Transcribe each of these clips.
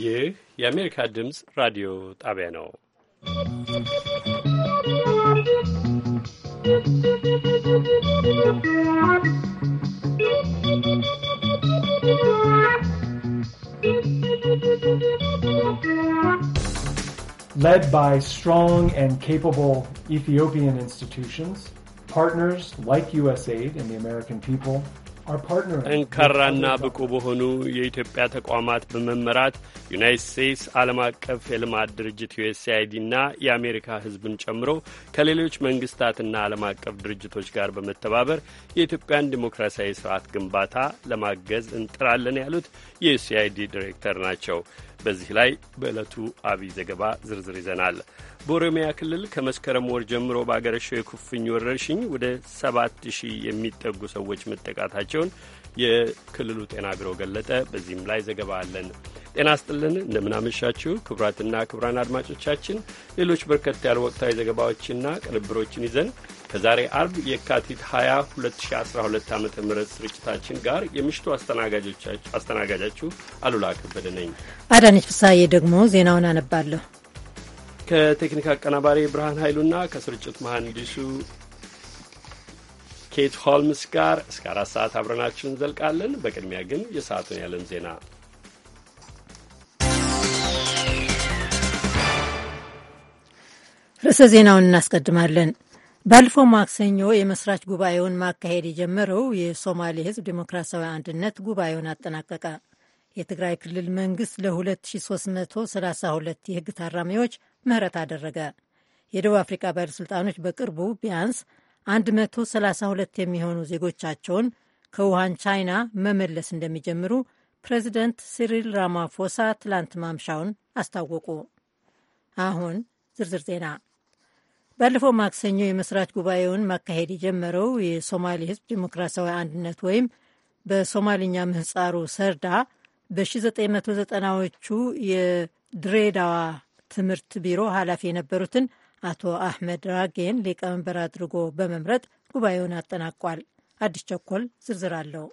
ይህ የአሜሪካ ድምፅ ራዲዮ ጣቢያ ነው። Led by strong and capable Ethiopian institutions, partners like USAID and the American people are partners. ዩናይት ስቴትስ ዓለም አቀፍ የልማት ድርጅት ዩኤስአይዲና የአሜሪካ ሕዝብን ጨምሮ ከሌሎች መንግስታትና ዓለም አቀፍ ድርጅቶች ጋር በመተባበር የኢትዮጵያን ዲሞክራሲያዊ ስርዓት ግንባታ ለማገዝ እንጥራለን ያሉት የዩኤስአይዲ ዲሬክተር ናቸው። በዚህ ላይ በዕለቱ አብይ ዘገባ ዝርዝር ይዘናል። በኦሮሚያ ክልል ከመስከረም ወር ጀምሮ በአገረሸው የኩፍኝ ወረርሽኝ ወደ ሰባት ሺህ የሚጠጉ ሰዎች መጠቃታቸውን የክልሉ ጤና ቢሮ ገለጠ። በዚህም ላይ ዘገባ አለን። ጤና ስጥልን፣ እንደምናመሻችሁ ክቡራትና ክቡራን አድማጮቻችን ሌሎች በርከት ያሉ ወቅታዊ ዘገባዎችና ቅንብሮችን ይዘን ከዛሬ አርብ የካቲት 20 2012 ዓ ም ስርጭታችን ጋር የምሽቱ አስተናጋጃችሁ አሉላ ከበደ ነኝ። አዳነች ፍሳዬ ደግሞ ዜናውን አነባለሁ። ከቴክኒክ አቀናባሪ ብርሃን ኃይሉና ከስርጭት መሐንዲሱ ኬት ሆልምስ ጋር እስከ አራት ሰዓት አብረናችሁ እንዘልቃለን። በቅድሚያ ግን የሰዓቱን ያለን ዜና ርዕሰ ዜናውን እናስቀድማለን። ባለፈው ማክሰኞ የመስራች ጉባኤውን ማካሄድ የጀመረው የሶማሌ ሕዝብ ዴሞክራሲያዊ አንድነት ጉባኤውን አጠናቀቀ። የትግራይ ክልል መንግሥት ለ2332 የሕግ ታራሚዎች ምህረት አደረገ። የደቡብ አፍሪካ ባለሥልጣኖች በቅርቡ ቢያንስ 132 የሚሆኑ ዜጎቻቸውን ከውሃን ቻይና መመለስ እንደሚጀምሩ ፕሬዚደንት ሲሪል ራማፎሳ ትላንት ማምሻውን አስታወቁ። አሁን ዝርዝር ዜና። ባለፈው ማክሰኞ የመስራች ጉባኤውን ማካሄድ የጀመረው የሶማሌ ሕዝብ ዲሞክራሲያዊ አንድነት ወይም በሶማሊኛ ምህፃሩ ሰርዳ በ1990ዎቹ የድሬዳዋ ትምህርት ቢሮ ኃላፊ የነበሩትን አቶ አህመድ ራጌን ሊቀመንበር አድርጎ በመምረጥ ጉባኤውን አጠናቋል። አዲስ ቸኮል ዝርዝር አለው።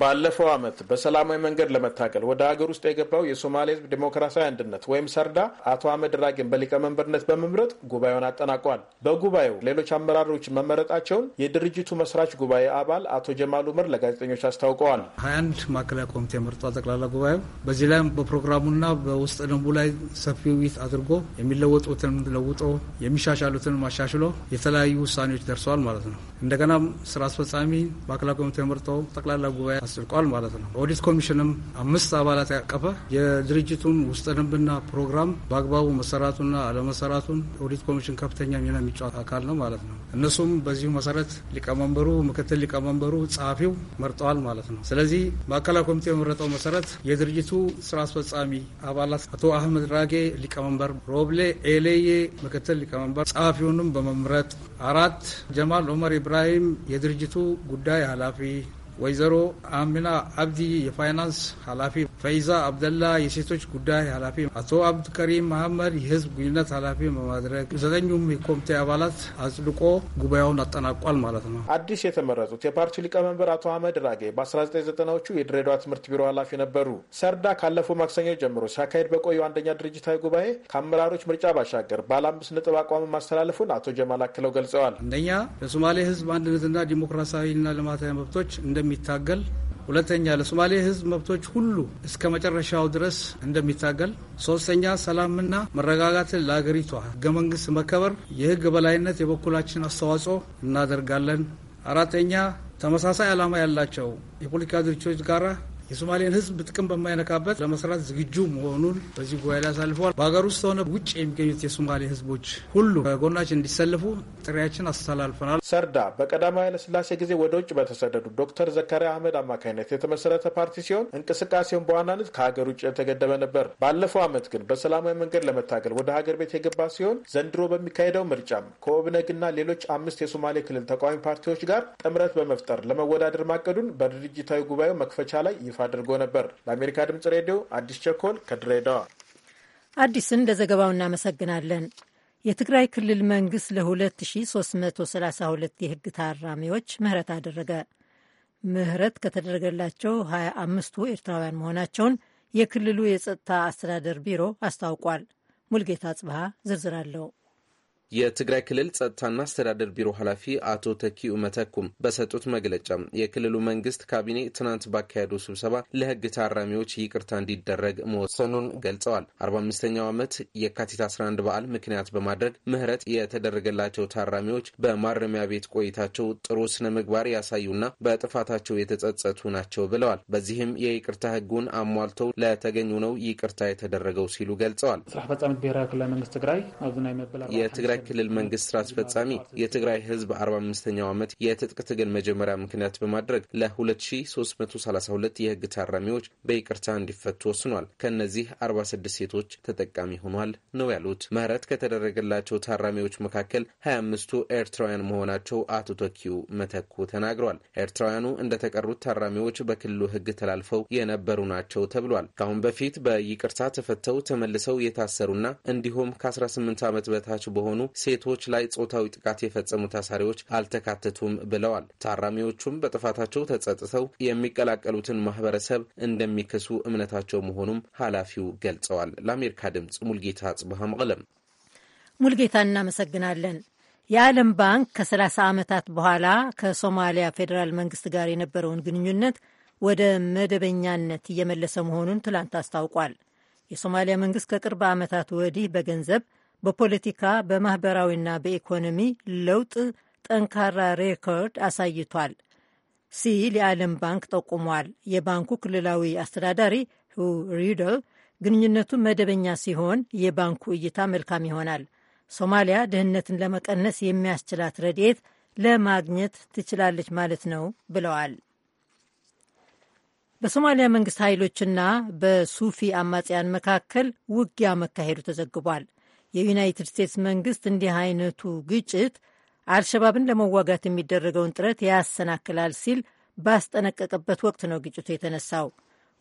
ባለፈው ዓመት በሰላማዊ መንገድ ለመታገል ወደ ሀገር ውስጥ የገባው የሶማሌ ህዝብ ዴሞክራሲያዊ አንድነት ወይም ሰርዳ አቶ አህመድ ራጌን በሊቀመንበርነት በመምረጥ ጉባኤውን አጠናቋል። በጉባኤው ሌሎች አመራሮች መመረጣቸውን የድርጅቱ መስራች ጉባኤ አባል አቶ ጀማል ኡመር ለጋዜጠኞች አስታውቀዋል። ሀያ አንድ ማዕከላዊ ኮሚቴ መርጧ ጠቅላላ ጉባኤው በዚህ ላይ በፕሮግራሙና በውስጥ ደንቡ ላይ ሰፊ ውይይት አድርጎ የሚለወጡትን ለውጦ የሚሻሻሉትን አሻሽሎ የተለያዩ ውሳኔዎች ደርሰዋል ማለት ነው። እንደገና ስራ አስፈጻሚ ማዕከላዊ ኮሚቴ መርጦ ጠቅላላ ጉባኤ አስልቋል ማለት ነው። ኦዲት ኮሚሽንም አምስት አባላት ያቀፈ የድርጅቱን ውስጠ ደንብና ፕሮግራም በአግባቡ መሰራቱና አለመሰራቱን ኦዲት ኮሚሽን ከፍተኛ ሚና የሚጫወት አካል ነው ማለት ነው። እነሱም በዚሁ መሰረት ሊቀመንበሩ፣ ምክትል ሊቀመንበሩ፣ ጸሐፊው መርጠዋል ማለት ነው። ስለዚህ ማዕከላዊ ኮሚቴ የመረጠው መሰረት የድርጅቱ ስራ አስፈጻሚ አባላት አቶ አህመድ ራጌ ሊቀመንበር፣ ሮብሌ ኤሌዬ ምክትል ሊቀመንበር፣ ጸሐፊውንም በመምረጥ አራት ጀማል ኦመር ኢብራሂም የድርጅቱ ጉዳይ ኃላፊ ወይዘሮ አሚና አብዲ የፋይናንስ ኃላፊ፣ ፈይዛ አብደላ የሴቶች ጉዳይ ኃላፊ፣ አቶ አብዱልከሪም መሐመድ የህዝብ ግንኙነት ኃላፊ በማድረግ ዘጠኙም የኮሚቴ አባላት አጽድቆ ጉባኤውን አጠናቋል ማለት ነው። አዲስ የተመረጡት የፓርቲው ሊቀመንበር አቶ አህመድ ራጌ በ1990ዎቹ የድሬዳዋ ትምህርት ቢሮ ኃላፊ ነበሩ። ሰርዳ ካለፉ ማክሰኞ ጀምሮ ሲያካሄድ በቆየው አንደኛ ድርጅታዊ ጉባኤ ከአመራሮች ምርጫ ባሻገር ባለ አምስት ነጥብ አቋም ማስተላለፉን አቶ ጀማል አክለው ገልጸዋል። አንደኛ ለሶማሌ ህዝብ አንድነትና ዲሞክራሲያዊና ልማታዊ መብቶች እንደሚ እንደሚታገል ሁለተኛ ለሶማሌ ህዝብ መብቶች ሁሉ እስከ መጨረሻው ድረስ እንደሚታገል፣ ሶስተኛ ሰላምና መረጋጋትን ለአገሪቷ ህገ መንግስት መከበር፣ የህግ በላይነት የበኩላችን አስተዋጽኦ እናደርጋለን። አራተኛ ተመሳሳይ ዓላማ ያላቸው የፖለቲካ ድርጅቶች ጋራ የሶማሌን ህዝብ ጥቅም በማይነካበት ለመስራት ዝግጁ መሆኑን በዚህ ጉባኤ ላይ አሳልፈዋል። በሀገር ውስጥ ሆነ ውጭ የሚገኙት የሶማሌ ህዝቦች ሁሉ ከጎናችን እንዲሰልፉ ጥሪያችን አስተላልፈናል። ሰርዳ በቀዳማዊ ኃይለስላሴ ጊዜ ወደ ውጭ በተሰደዱ ዶክተር ዘካሪያ አህመድ አማካኝነት የተመሰረተ ፓርቲ ሲሆን እንቅስቃሴውን በዋናነት ከሀገር ውጭ የተገደበ ነበር። ባለፈው ዓመት ግን በሰላማዊ መንገድ ለመታገል ወደ ሀገር ቤት የገባ ሲሆን ዘንድሮ በሚካሄደው ምርጫም ከኦብነግና ሌሎች አምስት የሶማሌ ክልል ተቃዋሚ ፓርቲዎች ጋር ጥምረት በመፍጠር ለመወዳደር ማቀዱን በድርጅታዊ ጉባኤው መክፈቻ ላይ ይፋ ይፋ አድርጎ ነበር። ለአሜሪካ ድምጽ ሬዲዮ አዲስ ቸኮል ከድሬዳዋ። አዲስን ለዘገባው እናመሰግናለን። የትግራይ ክልል መንግሥት ለ2332 የሕግ ታራሚዎች ምህረት አደረገ። ምህረት ከተደረገላቸው 25ቱ ኤርትራውያን መሆናቸውን የክልሉ የጸጥታ አስተዳደር ቢሮ አስታውቋል። ሙልጌታ ጽብሃ ዝርዝር አለው። የትግራይ ክልል ጸጥታና አስተዳደር ቢሮ ኃላፊ አቶ ተኪ መተኩም በሰጡት መግለጫ የክልሉ መንግስት ካቢኔ ትናንት ባካሄደው ስብሰባ ለህግ ታራሚዎች ይቅርታ እንዲደረግ መወሰኑን ገልጸዋል። 45 45ኛው ዓመት የካቲት 11 በዓል ምክንያት በማድረግ ምህረት የተደረገላቸው ታራሚዎች በማረሚያ ቤት ቆይታቸው ጥሩ ስነ ምግባር ያሳዩና በጥፋታቸው የተጸጸቱ ናቸው ብለዋል። በዚህም የይቅርታ ህጉን አሟልተው ለተገኙ ነው ይቅርታ የተደረገው ሲሉ ገልጸዋል። የትግራይ የትግራይ ክልል መንግስት ስራ አስፈጻሚ የትግራይ ህዝብ 45ኛው ዓመት የትጥቅ ትግል መጀመሪያ ምክንያት በማድረግ ለ2332 የህግ ታራሚዎች በይቅርታ እንዲፈቱ ወስኗል። ከእነዚህ 46 ሴቶች ተጠቃሚ ሆኗል ነው ያሉት። ምህረት ከተደረገላቸው ታራሚዎች መካከል 25ቱ ኤርትራውያን መሆናቸው አቶ ቶኪው መተኩ ተናግሯል። ኤርትራውያኑ እንደተቀሩት ታራሚዎች በክልሉ ህግ ተላልፈው የነበሩ ናቸው ተብሏል። ከአሁን በፊት በይቅርታ ተፈተው ተመልሰው የታሰሩና እንዲሁም ከ18 ዓመት በታች በሆኑ ሴቶች ላይ ጾታዊ ጥቃት የፈጸሙ ታሳሪዎች አልተካተቱም ብለዋል። ታራሚዎቹም በጥፋታቸው ተጸጥተው የሚቀላቀሉትን ማህበረሰብ እንደሚከሱ እምነታቸው መሆኑም ኃላፊው ገልጸዋል። ለአሜሪካ ድምጽ ሙልጌታ ጽብሃ መቅለም። ሙልጌታ እናመሰግናለን። የዓለም ባንክ ከ30 ዓመታት በኋላ ከሶማሊያ ፌዴራል መንግስት ጋር የነበረውን ግንኙነት ወደ መደበኛነት እየመለሰ መሆኑን ትላንት አስታውቋል። የሶማሊያ መንግስት ከቅርብ ዓመታት ወዲህ በገንዘብ በፖለቲካ በማኅበራዊና በኢኮኖሚ ለውጥ ጠንካራ ሬኮርድ አሳይቷል ሲል የዓለም ባንክ ጠቁሟል። የባንኩ ክልላዊ አስተዳዳሪ ሁ ሪደል ግንኙነቱ መደበኛ ሲሆን የባንኩ እይታ መልካም ይሆናል፣ ሶማሊያ ድህነትን ለመቀነስ የሚያስችላት ረድኤት ለማግኘት ትችላለች ማለት ነው ብለዋል። በሶማሊያ መንግስት ኃይሎችና በሱፊ አማጽያን መካከል ውጊያ መካሄዱ ተዘግቧል። የዩናይትድ ስቴትስ መንግስት እንዲህ አይነቱ ግጭት አልሸባብን ለመዋጋት የሚደረገውን ጥረት ያሰናክላል ሲል ባስጠነቀቀበት ወቅት ነው ግጭቱ የተነሳው።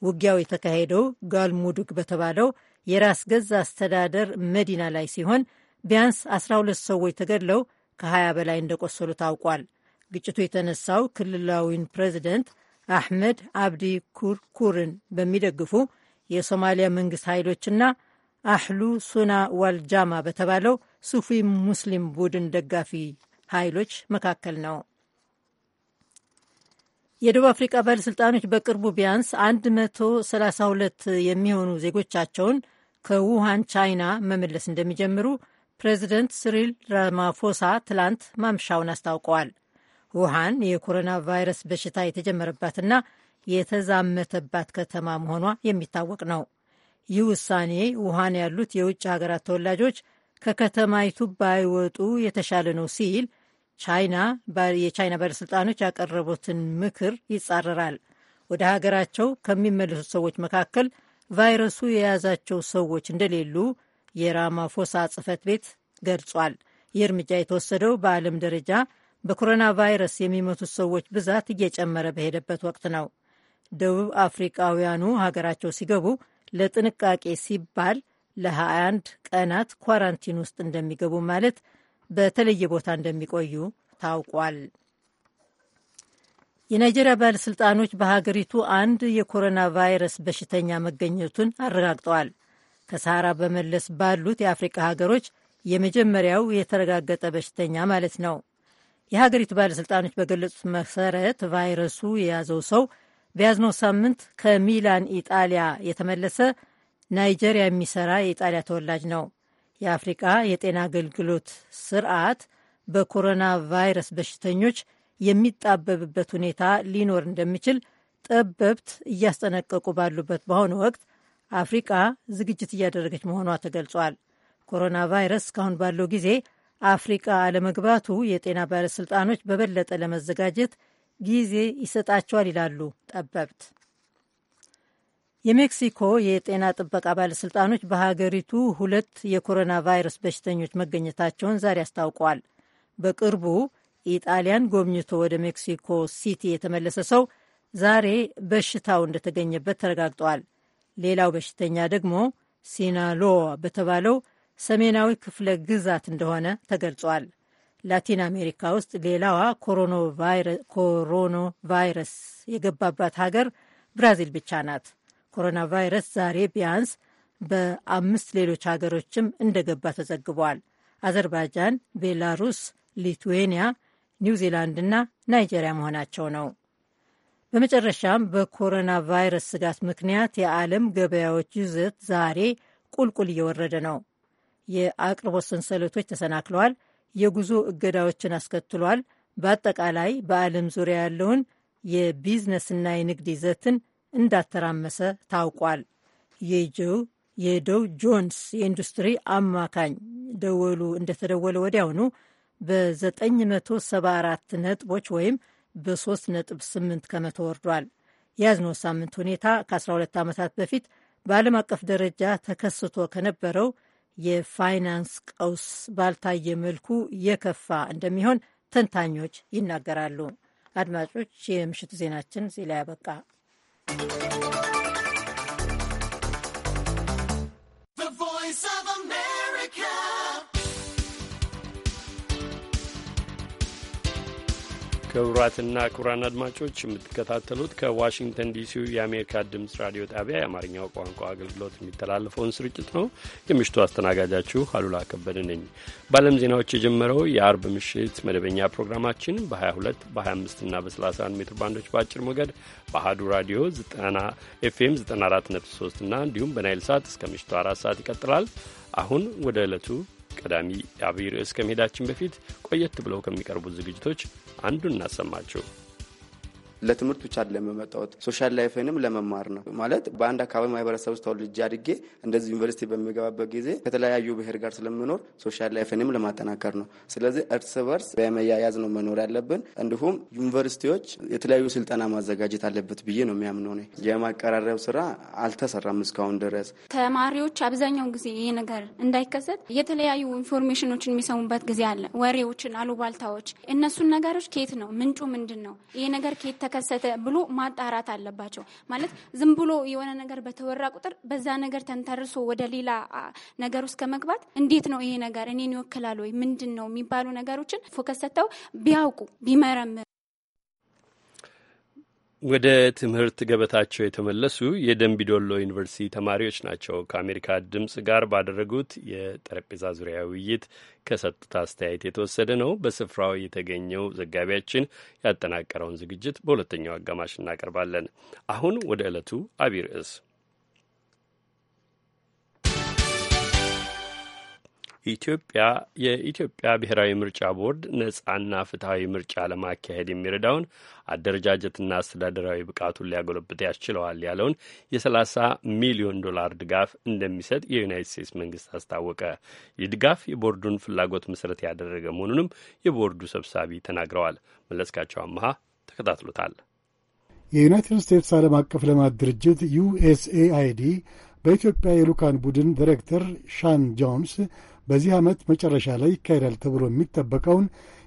ውጊያው የተካሄደው ጋልሙዱግ በተባለው የራስ ገዝ አስተዳደር መዲና ላይ ሲሆን ቢያንስ 12 ሰዎች ተገድለው ከ20 በላይ እንደቆሰሉ ታውቋል። ግጭቱ የተነሳው ክልላዊን ፕሬዚደንት አሕመድ አብዲ ኩርኩርን በሚደግፉ የሶማሊያ መንግስት ኃይሎችና አህሉ ሱና ዋልጃማ በተባለው ሱፊ ሙስሊም ቡድን ደጋፊ ኃይሎች መካከል ነው። የደቡብ አፍሪቃ ባለሥልጣኖች በቅርቡ ቢያንስ 132 የሚሆኑ ዜጎቻቸውን ከውሃን ቻይና መመለስ እንደሚጀምሩ ፕሬዚደንት ስሪል ራማፎሳ ትላንት ማምሻውን አስታውቀዋል። ውሃን የኮሮና ቫይረስ በሽታ የተጀመረባትና የተዛመተባት ከተማ መሆኗ የሚታወቅ ነው። ይህ ውሳኔ ውሃን ያሉት የውጭ ሀገራት ተወላጆች ከከተማይቱ ባይወጡ የተሻለ ነው ሲል ቻይና የቻይና ባለሥልጣኖች ያቀረቡትን ምክር ይጻረራል። ወደ ሀገራቸው ከሚመለሱት ሰዎች መካከል ቫይረሱ የያዛቸው ሰዎች እንደሌሉ የራማፎሳ ጽህፈት ቤት ገልጿል። ይህ እርምጃ የተወሰደው በዓለም ደረጃ በኮሮና ቫይረስ የሚመቱት ሰዎች ብዛት እየጨመረ በሄደበት ወቅት ነው። ደቡብ አፍሪቃውያኑ ሀገራቸው ሲገቡ ለጥንቃቄ ሲባል ለ21 ቀናት ኳራንቲን ውስጥ እንደሚገቡ ማለት በተለየ ቦታ እንደሚቆዩ ታውቋል። የናይጀሪያ ባለሥልጣኖች በሀገሪቱ አንድ የኮሮና ቫይረስ በሽተኛ መገኘቱን አረጋግጠዋል። ከሰሃራ በመለስ ባሉት የአፍሪካ ሀገሮች የመጀመሪያው የተረጋገጠ በሽተኛ ማለት ነው። የሀገሪቱ ባለሥልጣኖች በገለጹት መሰረት ቫይረሱ የያዘው ሰው በያዝነው ሳምንት ከሚላን ኢጣሊያ የተመለሰ ናይጀሪያ የሚሰራ የኢጣሊያ ተወላጅ ነው። የአፍሪቃ የጤና አገልግሎት ስርዓት በኮሮና ቫይረስ በሽተኞች የሚጣበብበት ሁኔታ ሊኖር እንደሚችል ጠበብት እያስጠነቀቁ ባሉበት በአሁኑ ወቅት አፍሪቃ ዝግጅት እያደረገች መሆኗ ተገልጿል። ኮሮና ቫይረስ እስካሁን ባለው ጊዜ አፍሪቃ አለመግባቱ የጤና ባለሥልጣኖች በበለጠ ለመዘጋጀት ጊዜ ይሰጣቸዋል ይላሉ ጠበብት። የሜክሲኮ የጤና ጥበቃ ባለሥልጣኖች በሀገሪቱ ሁለት የኮሮና ቫይረስ በሽተኞች መገኘታቸውን ዛሬ አስታውቀዋል። በቅርቡ ኢጣሊያን ጎብኝቶ ወደ ሜክሲኮ ሲቲ የተመለሰ ሰው ዛሬ በሽታው እንደተገኘበት ተረጋግጧል። ሌላው በሽተኛ ደግሞ ሲናሎ በተባለው ሰሜናዊ ክፍለ ግዛት እንደሆነ ተገልጿል። ላቲን አሜሪካ ውስጥ ሌላዋ ኮሮና ቫይረስ የገባባት ሀገር ብራዚል ብቻ ናት። ኮሮና ቫይረስ ዛሬ ቢያንስ በአምስት ሌሎች ሀገሮችም እንደገባ ተዘግቧል። አዘርባይጃን፣ ቤላሩስ፣ ሊትዌኒያ፣ እና ናይጄሪያ መሆናቸው ነው። በመጨረሻም በኮሮና ቫይረስ ስጋት ምክንያት የዓለም ገበያዎች ይዘት ዛሬ ቁልቁል እየወረደ ነው። የአቅርቦት ሰንሰለቶች ተሰናክለዋል። የጉዞ እገዳዎችን አስከትሏል። በአጠቃላይ በዓለም ዙሪያ ያለውን የቢዝነስና የንግድ ይዘትን እንዳተራመሰ ታውቋል። የዶው ጆንስ የኢንዱስትሪ አማካኝ ደወሉ እንደተደወለ ወዲያውኑ በ974 ነጥቦች ወይም በ3.8 ከመቶ ወርዷል። የያዝነው ሳምንት ሁኔታ ከ12 ዓመታት በፊት በዓለም አቀፍ ደረጃ ተከስቶ ከነበረው የፋይናንስ ቀውስ ባልታየ መልኩ የከፋ እንደሚሆን ተንታኞች ይናገራሉ። አድማጮች፣ የምሽቱ ዜናችን ላይ ያበቃ። ቮይስ ኦፍ አሜሪካ ክቡራትና ክቡራን አድማጮች የምትከታተሉት ከዋሽንግተን ዲሲው የአሜሪካ ድምፅ ራዲዮ ጣቢያ የአማርኛው ቋንቋ አገልግሎት የሚተላለፈውን ስርጭት ነው። የምሽቱ አስተናጋጃችሁ አሉላ ከበደ ነኝ። በዓለም ዜናዎች የጀመረው የአርብ ምሽት መደበኛ ፕሮግራማችን በ22 በ25 እና በ31 ሜትር ባንዶች በአጭር ሞገድ በአህዱ ራዲዮ ኤፍኤም 94.3 እና እንዲሁም በናይል ሰዓት እስከ ምሽቱ አራት ሰዓት ይቀጥላል። አሁን ወደ ዕለቱ ቀዳሚ አብይ ርዕስ ከመሄዳችን በፊት ቆየት ብለው ከሚቀርቡት ዝግጅቶች አንዱን እናሰማችሁ። ለትምህርት ብቻ አይደለም የመጣሁት ሶሻል ላይፍንም ለመማር ነው። ማለት በአንድ አካባቢ ማህበረሰብ ውስጥ ተወልጄ አድጌ እንደዚህ ዩኒቨርሲቲ በሚገባበት ጊዜ ከተለያዩ ብሔር ጋር ስለምኖር ሶሻል ላይፍንም ለማጠናከር ነው። ስለዚህ እርስ በርስ በመያያዝ ነው መኖር ያለብን። እንዲሁም ዩኒቨርሲቲዎች የተለያዩ ስልጠና ማዘጋጀት አለበት ብዬ ነው የሚያምነው። የማቀራረብ ስራ አልተሰራም እስካሁን ድረስ። ተማሪዎች አብዛኛው ጊዜ ይህ ነገር እንዳይከሰት የተለያዩ ኢንፎርሜሽኖችን የሚሰሙበት ጊዜ አለ። ወሬዎችን፣ አሉባልታዎች፣ እነሱን ነገሮች ከየት ነው ምንጩ ምንድን ነው? ይህ ነገር ከየት ተከሰተ ብሎ ማጣራት አለባቸው። ማለት ዝም ብሎ የሆነ ነገር በተወራ ቁጥር በዛ ነገር ተንተርሶ ወደ ሌላ ነገር ውስጥ ከመግባት እንዴት ነው ይሄ ነገር እኔን ይወክላል ወይ ምንድን ነው የሚባሉ ነገሮችን ፎከስ ሰጥተው ቢያውቁ ቢመረምር ወደ ትምህርት ገበታቸው የተመለሱ የደንቢዶሎ ዩኒቨርሲቲ ተማሪዎች ናቸው ከአሜሪካ ድምፅ ጋር ባደረጉት የጠረጴዛ ዙሪያ ውይይት ከሰጡት አስተያየት የተወሰደ ነው። በስፍራው የተገኘው ዘጋቢያችን ያጠናቀረውን ዝግጅት በሁለተኛው አጋማሽ እናቀርባለን። አሁን ወደ ዕለቱ አቢይ ርዕስ ኢትዮጵያ የኢትዮጵያ ብሔራዊ ምርጫ ቦርድ ነጻና ፍትሐዊ ምርጫ ለማካሄድ የሚረዳውን አደረጃጀትና አስተዳደራዊ ብቃቱን ሊያጎለብት ያስችለዋል ያለውን የ30 ሚሊዮን ዶላር ድጋፍ እንደሚሰጥ የዩናይት ስቴትስ መንግስት አስታወቀ። ይህ ድጋፍ የቦርዱን ፍላጎት መሰረት ያደረገ መሆኑንም የቦርዱ ሰብሳቢ ተናግረዋል። መለስካቸው አመሃ ተከታትሎታል። የዩናይትድ ስቴትስ ዓለም አቀፍ ልማት ድርጅት ዩኤስኤአይዲ በኢትዮጵያ የሉካን ቡድን ዲሬክተር ሻን ጆንስ በዚህ ዓመት መጨረሻ ላይ ይካሄዳል ተብሎ የሚጠበቀውን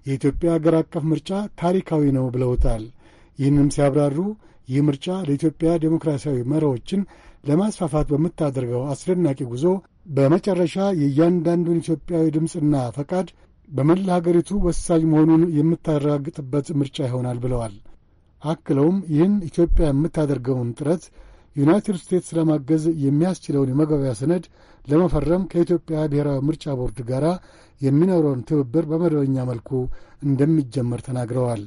የኢትዮጵያ አገር አቀፍ ምርጫ ታሪካዊ ነው ብለውታል። ይህንም ሲያብራሩ ይህ ምርጫ ለኢትዮጵያ ዴሞክራሲያዊ መርሆችን ለማስፋፋት በምታደርገው አስደናቂ ጉዞ በመጨረሻ የእያንዳንዱን ኢትዮጵያዊ ድምፅና ፈቃድ በመላ ሀገሪቱ ወሳኝ መሆኑን የምታረጋግጥበት ምርጫ ይሆናል ብለዋል። አክለውም ይህን ኢትዮጵያ የምታደርገውን ጥረት ዩናይትድ ስቴትስ ለማገዝ የሚያስችለውን የመግባቢያ ሰነድ ለመፈረም ከኢትዮጵያ ብሔራዊ ምርጫ ቦርድ ጋር የሚኖረውን ትብብር በመደበኛ መልኩ እንደሚጀመር ተናግረዋል።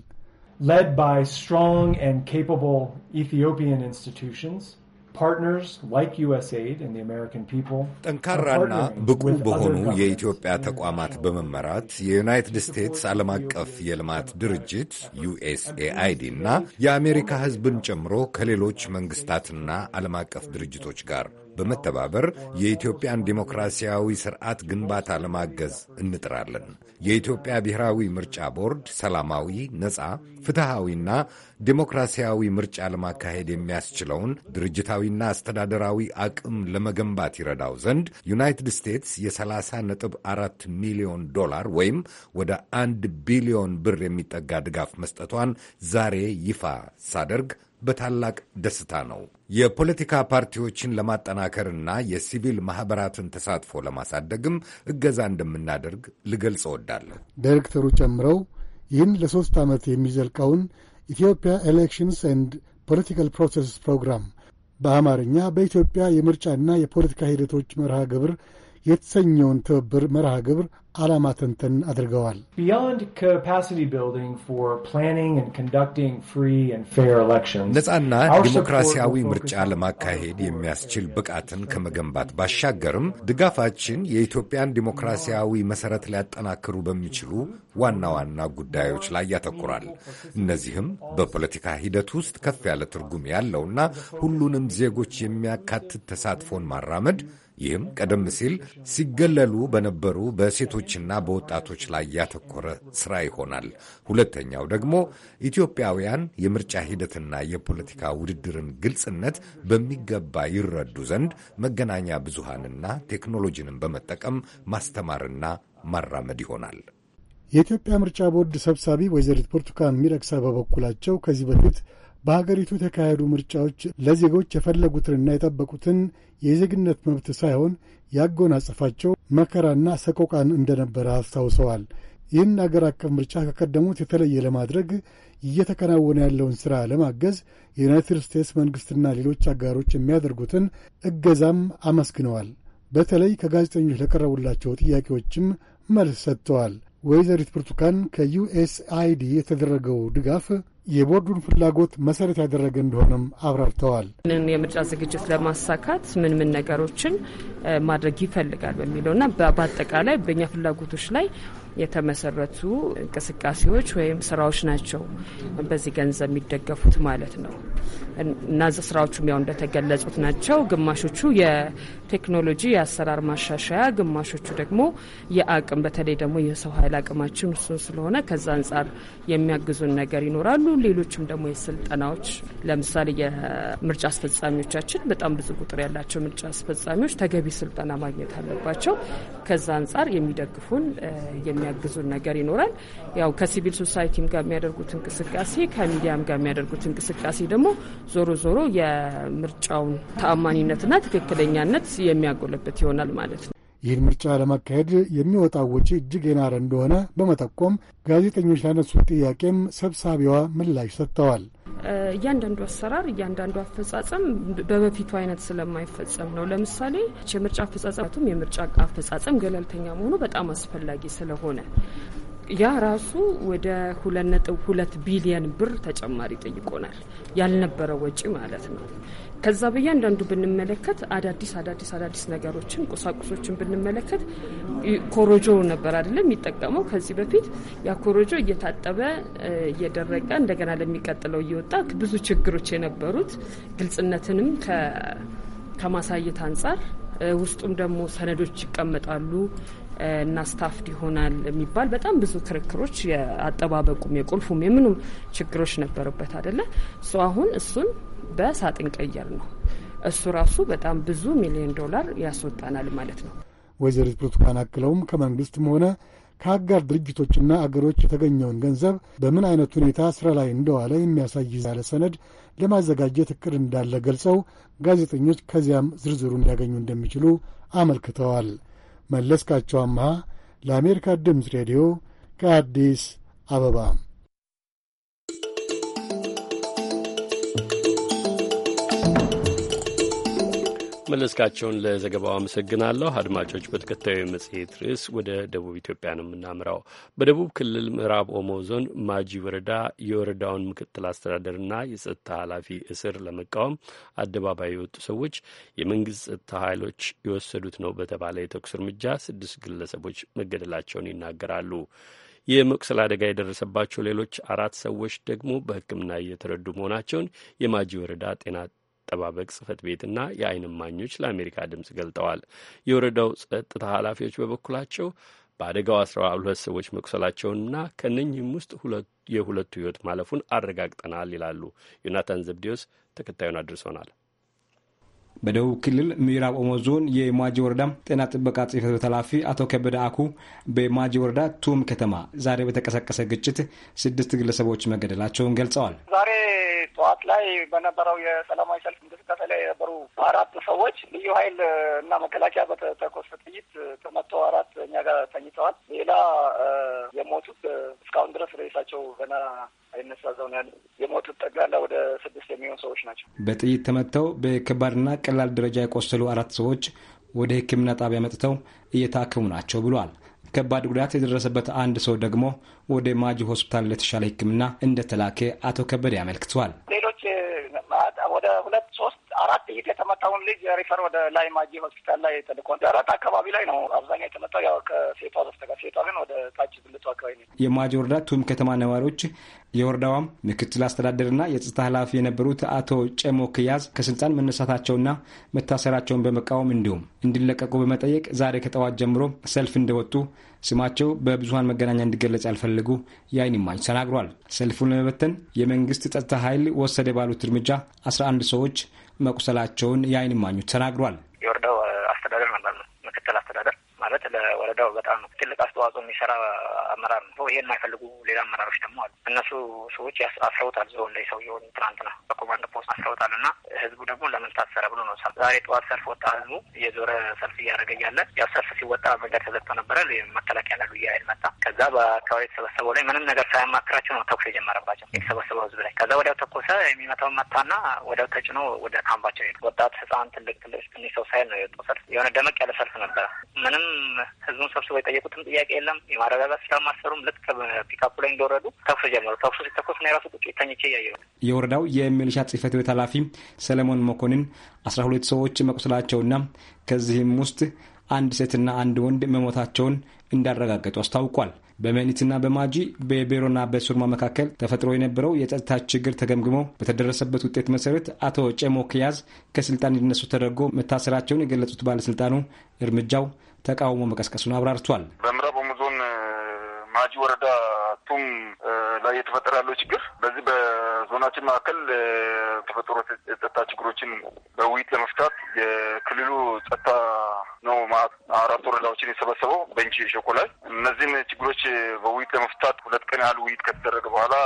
led by strong and capable Ethiopian institutions ጠንካራና ብቁ በሆኑ የኢትዮጵያ ተቋማት በመመራት የዩናይትድ ስቴትስ ዓለም አቀፍ የልማት ድርጅት ዩኤስኤአይዲ እና የአሜሪካ ሕዝብን ጨምሮ ከሌሎች መንግስታትና ዓለም አቀፍ ድርጅቶች ጋር በመተባበር የኢትዮጵያን ዲሞክራሲያዊ ስርዓት ግንባታ ለማገዝ እንጥራለን። የኢትዮጵያ ብሔራዊ ምርጫ ቦርድ ሰላማዊ፣ ነጻ፣ ፍትሐዊና ዲሞክራሲያዊ ምርጫ ለማካሄድ የሚያስችለውን ድርጅታዊና አስተዳደራዊ አቅም ለመገንባት ይረዳው ዘንድ ዩናይትድ ስቴትስ የ30 ነጥብ 4 ሚሊዮን ዶላር ወይም ወደ 1 ቢሊዮን ብር የሚጠጋ ድጋፍ መስጠቷን ዛሬ ይፋ ሳደርግ በታላቅ ደስታ ነው የፖለቲካ ፓርቲዎችን ለማጠናከርና የሲቪል ማህበራትን ተሳትፎ ለማሳደግም እገዛ እንደምናደርግ ልገልጽ እወዳለሁ። ዳይሬክተሩ ጨምረው ይህን ለሶስት ዓመት የሚዘልቀውን ኢትዮጵያ ኤሌክሽንስ ኤንድ ፖለቲካል ፕሮሰስ ፕሮግራም በአማርኛ በኢትዮጵያ የምርጫና የፖለቲካ ሂደቶች መርሃ ግብር የተሰኘውን ትብብር መርሃ ግብር ዓላማ ተንተን አድርገዋል። ነፃና ዲሞክራሲያዊ ምርጫ ለማካሄድ የሚያስችል ብቃትን ከመገንባት ባሻገርም ድጋፋችን የኢትዮጵያን ዲሞክራሲያዊ መሠረት ሊያጠናክሩ በሚችሉ ዋና ዋና ጉዳዮች ላይ ያተኩራል። እነዚህም በፖለቲካ ሂደት ውስጥ ከፍ ያለ ትርጉም ያለውና ሁሉንም ዜጎች የሚያካትት ተሳትፎን ማራመድ ይህም ቀደም ሲል ሲገለሉ በነበሩ በሴቶችና በወጣቶች ላይ ያተኮረ ስራ ይሆናል። ሁለተኛው ደግሞ ኢትዮጵያውያን የምርጫ ሂደትና የፖለቲካ ውድድርን ግልጽነት በሚገባ ይረዱ ዘንድ መገናኛ ብዙሃንና ቴክኖሎጂንም በመጠቀም ማስተማርና ማራመድ ይሆናል። የኢትዮጵያ ምርጫ ቦርድ ሰብሳቢ ወይዘሪት ብርቱካን ሚደቅሳ በበኩላቸው ከዚህ በፊት በሀገሪቱ የተካሄዱ ምርጫዎች ለዜጎች የፈለጉትንና የጠበቁትን የዜግነት መብት ሳይሆን ያጎናጸፋቸው መከራና ሰቆቃን እንደነበረ አስታውሰዋል። ይህን አገር አቀፍ ምርጫ ከቀደሙት የተለየ ለማድረግ እየተከናወነ ያለውን ሥራ ለማገዝ የዩናይትድ ስቴትስ መንግሥትና ሌሎች አጋሮች የሚያደርጉትን እገዛም አመስግነዋል። በተለይ ከጋዜጠኞች ለቀረቡላቸው ጥያቄዎችም መልስ ሰጥተዋል። ወይዘሪት ብርቱካን ከዩኤስአይዲ የተደረገው ድጋፍ የቦርዱን ፍላጎት መሰረት ያደረገ እንደሆነም አብራርተዋል። ምን የምርጫ ዝግጅት ለማሳካት ምን ምን ነገሮችን ማድረግ ይፈልጋል በሚለውና በአጠቃላይ በእኛ ፍላጎቶች ላይ የተመሰረቱ እንቅስቃሴዎች ወይም ስራዎች ናቸው በዚህ ገንዘብ የሚደገፉት ማለት ነው። እናዚ ስራዎቹም ያው እንደተገለጹት ናቸው። ግማሾቹ የቴክኖሎጂ የአሰራር ማሻሻያ፣ ግማሾቹ ደግሞ የአቅም በተለይ ደግሞ የሰው ኃይል አቅማችን እሱን ስለሆነ ከዛ አንጻር የሚያግዙን ነገር ይኖራሉ። ሌሎችም ደግሞ የስልጠናዎች ለምሳሌ የምርጫ አስፈጻሚዎቻችን በጣም ብዙ ቁጥር ያላቸው ምርጫ አስፈጻሚዎች ተገቢ ስልጠና ማግኘት አለባቸው። ከዛ አንጻር የሚደግፉን የሚያግዙን ነገር ይኖራል። ያው ከሲቪል ሶሳይቲም ጋር የሚያደርጉት እንቅስቃሴ ከሚዲያም ጋር የሚያደርጉት እንቅስቃሴ ደግሞ ዞሮ ዞሮ የምርጫውን ተአማኒነትና ትክክለኛነት የሚያጎለበት ይሆናል ማለት ነው። ይህን ምርጫ ለማካሄድ የሚወጣው ወጪ እጅግ የናረ እንደሆነ በመጠቆም ጋዜጠኞች ያነሱት ጥያቄም ሰብሳቢዋ ምላሽ ሰጥተዋል። እያንዳንዱ አሰራር እያንዳንዱ አፈጻጸም በበፊቱ አይነት ስለማይፈጸም ነው። ለምሳሌ የምርጫ አፈጻጸም የምርጫ አፈጻጸም ገለልተኛ መሆኑ በጣም አስፈላጊ ስለሆነ ያ ራሱ ወደ ሁለት ነጥብ ሁለት ቢሊየን ብር ተጨማሪ ጠይቆናል። ያልነበረ ወጪ ማለት ነው። ከዛ በእያንዳንዱ ብንመለከት አዳዲስ አዳዲስ አዳዲስ ነገሮችን ቁሳቁሶችን ብንመለከት ኮሮጆ ነበር አይደለም የሚጠቀመው ከዚህ በፊት ያ ኮሮጆ እየታጠበ እየደረቀ እንደገና ለሚቀጥለው እየወጣ ብዙ ችግሮች የነበሩት ግልጽነትንም ከማሳየት አንጻር ውስጡም ደግሞ ሰነዶች ይቀመጣሉ እና ስታፍድ ይሆናል የሚባል በጣም ብዙ ክርክሮች የአጠባበቁም የቁልፉም የምኑም ችግሮች ነበሩበት አይደለ? እሱ አሁን እሱን በሳጥን ቀየር ነው። እሱ ራሱ በጣም ብዙ ሚሊዮን ዶላር ያስወጣናል ማለት ነው። ወይዘሪት ብርቱካን አክለውም ከመንግስትም ሆነ ከአጋር ድርጅቶችና አገሮች የተገኘውን ገንዘብ በምን አይነት ሁኔታ ስራ ላይ እንደዋለ የሚያሳይ ያለ ሰነድ ለማዘጋጀት እቅድ እንዳለ ገልጸው ጋዜጠኞች ከዚያም ዝርዝሩ ሊያገኙ እንደሚችሉ አመልክተዋል። መለስካቸው አምሃ ለአሜሪካ ድምፅ ሬዲዮ ከአዲስ አበባ መለስካቸውን ለዘገባው አመሰግናለሁ። አድማጮች፣ በተከታዩ የመጽሔት ርዕስ ወደ ደቡብ ኢትዮጵያ ነው የምናምራው። በደቡብ ክልል ምዕራብ ኦሞ ዞን ማጂ ወረዳ የወረዳውን ምክትል አስተዳደርና የጸጥታ ኃላፊ እስር ለመቃወም አደባባይ የወጡ ሰዎች የመንግስት ጸጥታ ኃይሎች የወሰዱት ነው በተባለ የተኩስ እርምጃ ስድስት ግለሰቦች መገደላቸውን ይናገራሉ። የመቁሰል አደጋ የደረሰባቸው ሌሎች አራት ሰዎች ደግሞ በሕክምና እየተረዱ መሆናቸውን የማጂ ወረዳ ጤና አጠባበቅ ጽህፈት ቤትና የአይን እማኞች ለአሜሪካ ድምፅ ገልጠዋል። የወረዳው ጸጥታ ኃላፊዎች በበኩላቸው በአደጋው አስራ ሁለት ሰዎች መቁሰላቸውንና ከእነኚህም ውስጥ የሁለቱ ህይወት ማለፉን አረጋግጠናል ይላሉ። ዮናታን ዘብዴዎስ ተከታዩን አድርሶናል። በደቡብ ክልል ምዕራብ ኦሞ ዞን የማጂ ወረዳ ጤና ጥበቃ ጽፈት ቤት ኃላፊ አቶ ከበደ አኩ በማጂ ወረዳ ቱም ከተማ ዛሬ በተቀሰቀሰ ግጭት ስድስት ግለሰቦች መገደላቸውን ገልጸዋል። ዛሬ ጠዋት ላይ በነበረው የሰላማዊ ሰልፍ እንቅስቃሴ ላይ የነበሩ አራት ሰዎች ልዩ ኃይል እና መከላከያ በተኮሰ ጥይት ተመቶ አራት እኛ ጋር ተኝተዋል። ሌላ የሞቱት እስካሁን ድረስ ሬሳቸው ገና አይነሳ እዛው ያለ። የሞቱት ጠቅላላ ወደ ስድስት የሚሆኑ ሰዎች ናቸው። በጥይት ተመተው በከባድና ቀላል ደረጃ የቆሰሉ አራት ሰዎች ወደ ሕክምና ጣቢያ መጥተው እየታከሙ ናቸው ብሏል። ከባድ ጉዳት የደረሰበት አንድ ሰው ደግሞ ወደ ማጂ ሆስፒታል ለተሻለ ሕክምና እንደተላከ አቶ ከበደ ያመልክተዋል። ሌሎች አራት ጥይት የተመታውን ልጅ ሪፈር ወደ ላይ ማጂ ሆስፒታል ላይ ተልኮ ደረት አካባቢ ላይ ነው አብዛኛው የተመታው። ያው ከሴቷ በስተቀር ሴቷ ግን ወደ ታች ብልቱ አካባቢ ነው። የማጂ ወረዳ ቱም ከተማ ነዋሪዎች የወረዳዋም ምክትል አስተዳደርና የጸጥታ ኃላፊ የነበሩት አቶ ጨሞ ክያዝ ከስልጣን መነሳታቸውና መታሰራቸውን በመቃወም እንዲሁም እንዲለቀቁ በመጠየቅ ዛሬ ከጠዋት ጀምሮ ሰልፍ እንደወጡ ስማቸው በብዙሀን መገናኛ እንዲገለጽ ያልፈልጉ የአይን እማኝ ተናግሯል። ሰልፉን ለመበተን የመንግስት ጸጥታ ኃይል ወሰደ ባሉት እርምጃ 11 ሰዎች መቁሰላቸውን የአይን ማኙ ተናግሯል። የወረዳው አስተዳደር ነበር ምክትል አስተዳደር ማለት ለወረዳው ነው ትልቅ አስተዋጽኦ የሚሰራ አመራር ነው። ይሄ የማይፈልጉ ሌላ አመራሮች ደግሞ አሉ። እነሱ ሰዎች አስረውታል። ዞን ላይ ሰውየውን ትናንትና በኮማንድ ፖስት አስረውታል። እና ህዝቡ ደግሞ ለምን ታሰረ ብሎ ነው ዛሬ ጠዋት ሰልፍ ወጣ። ህዝቡ እየዞረ ሰልፍ እያደረገ እያለ ያው ሰልፍ ሲወጣ መንገድ ተዘግቶ ነበረ። መከላከያ ና ልዩ መጣ። ከዛ በአካባቢ የተሰበሰበው ላይ ምንም ነገር ሳያማክራቸው ነው ተኩስ የጀመረባቸው የተሰበሰበው ህዝብ ላይ። ከዛ ወዲያው ተኮሰ። የሚመታውን መታና ወዲያው ተጭኖ ወደ ካምባቸው ሄዱ። ወጣት፣ ህፃን፣ ትልቅ ትልቅ ትንሽ ሰው ሳይል ነው የወጣው ሰልፍ። የሆነ ደመቅ ያለ ሰልፍ ነበረ። ምንም ህዝቡን ሰብስበ የጠየቁትን ጥያቄ የለም። የማረጋጋት ስራ ማሰሩም ልክ ከፒካፑ ላይ እንደወረዱ ተኩስ ጀመሩ። ተኩሱ ሲተኮስ ነው የራሱ ቁጭ ተኝቼ እያየሁ የወረዳው የሚሊሻ ጽህፈት ቤት ኃላፊ ሰለሞን መኮንን አስራ ሁለት ሰዎች መቁሰላቸውና ከዚህም ውስጥ አንድ ሴትና አንድ ወንድ መሞታቸውን እንዳረጋገጡ አስታውቋል። በመኒትና በማጂ በቤሮና በሱርማ መካከል ተፈጥሮ የነበረው የጸጥታ ችግር ተገምግሞ በተደረሰበት ውጤት መሰረት አቶ ጨሞ ከስልጣን እንዲነሱ ተደርጎ መታሰራቸውን የገለጹት ባለስልጣኑ እርምጃው ተቃውሞ መቀስቀሱን አብራርቷል። በምዕራብ ኦሞ ዞን ማጂ ወረዳ ቱም ላይ የተፈጠረ ያለው ችግር በዚህ በዞናችን መካከል ተፈጥሮ የጸጥታ ችግሮችን በውይይት ለመፍታት የክልሉ ጸጥታ ነው አራት ወረዳዎችን የሰበሰበው በንቺ ሸኮ ላይ እነዚህን ችግሮች በውይይት ለመፍታት ሁለት ቀን ያህል ውይይት ከተደረገ በኋላ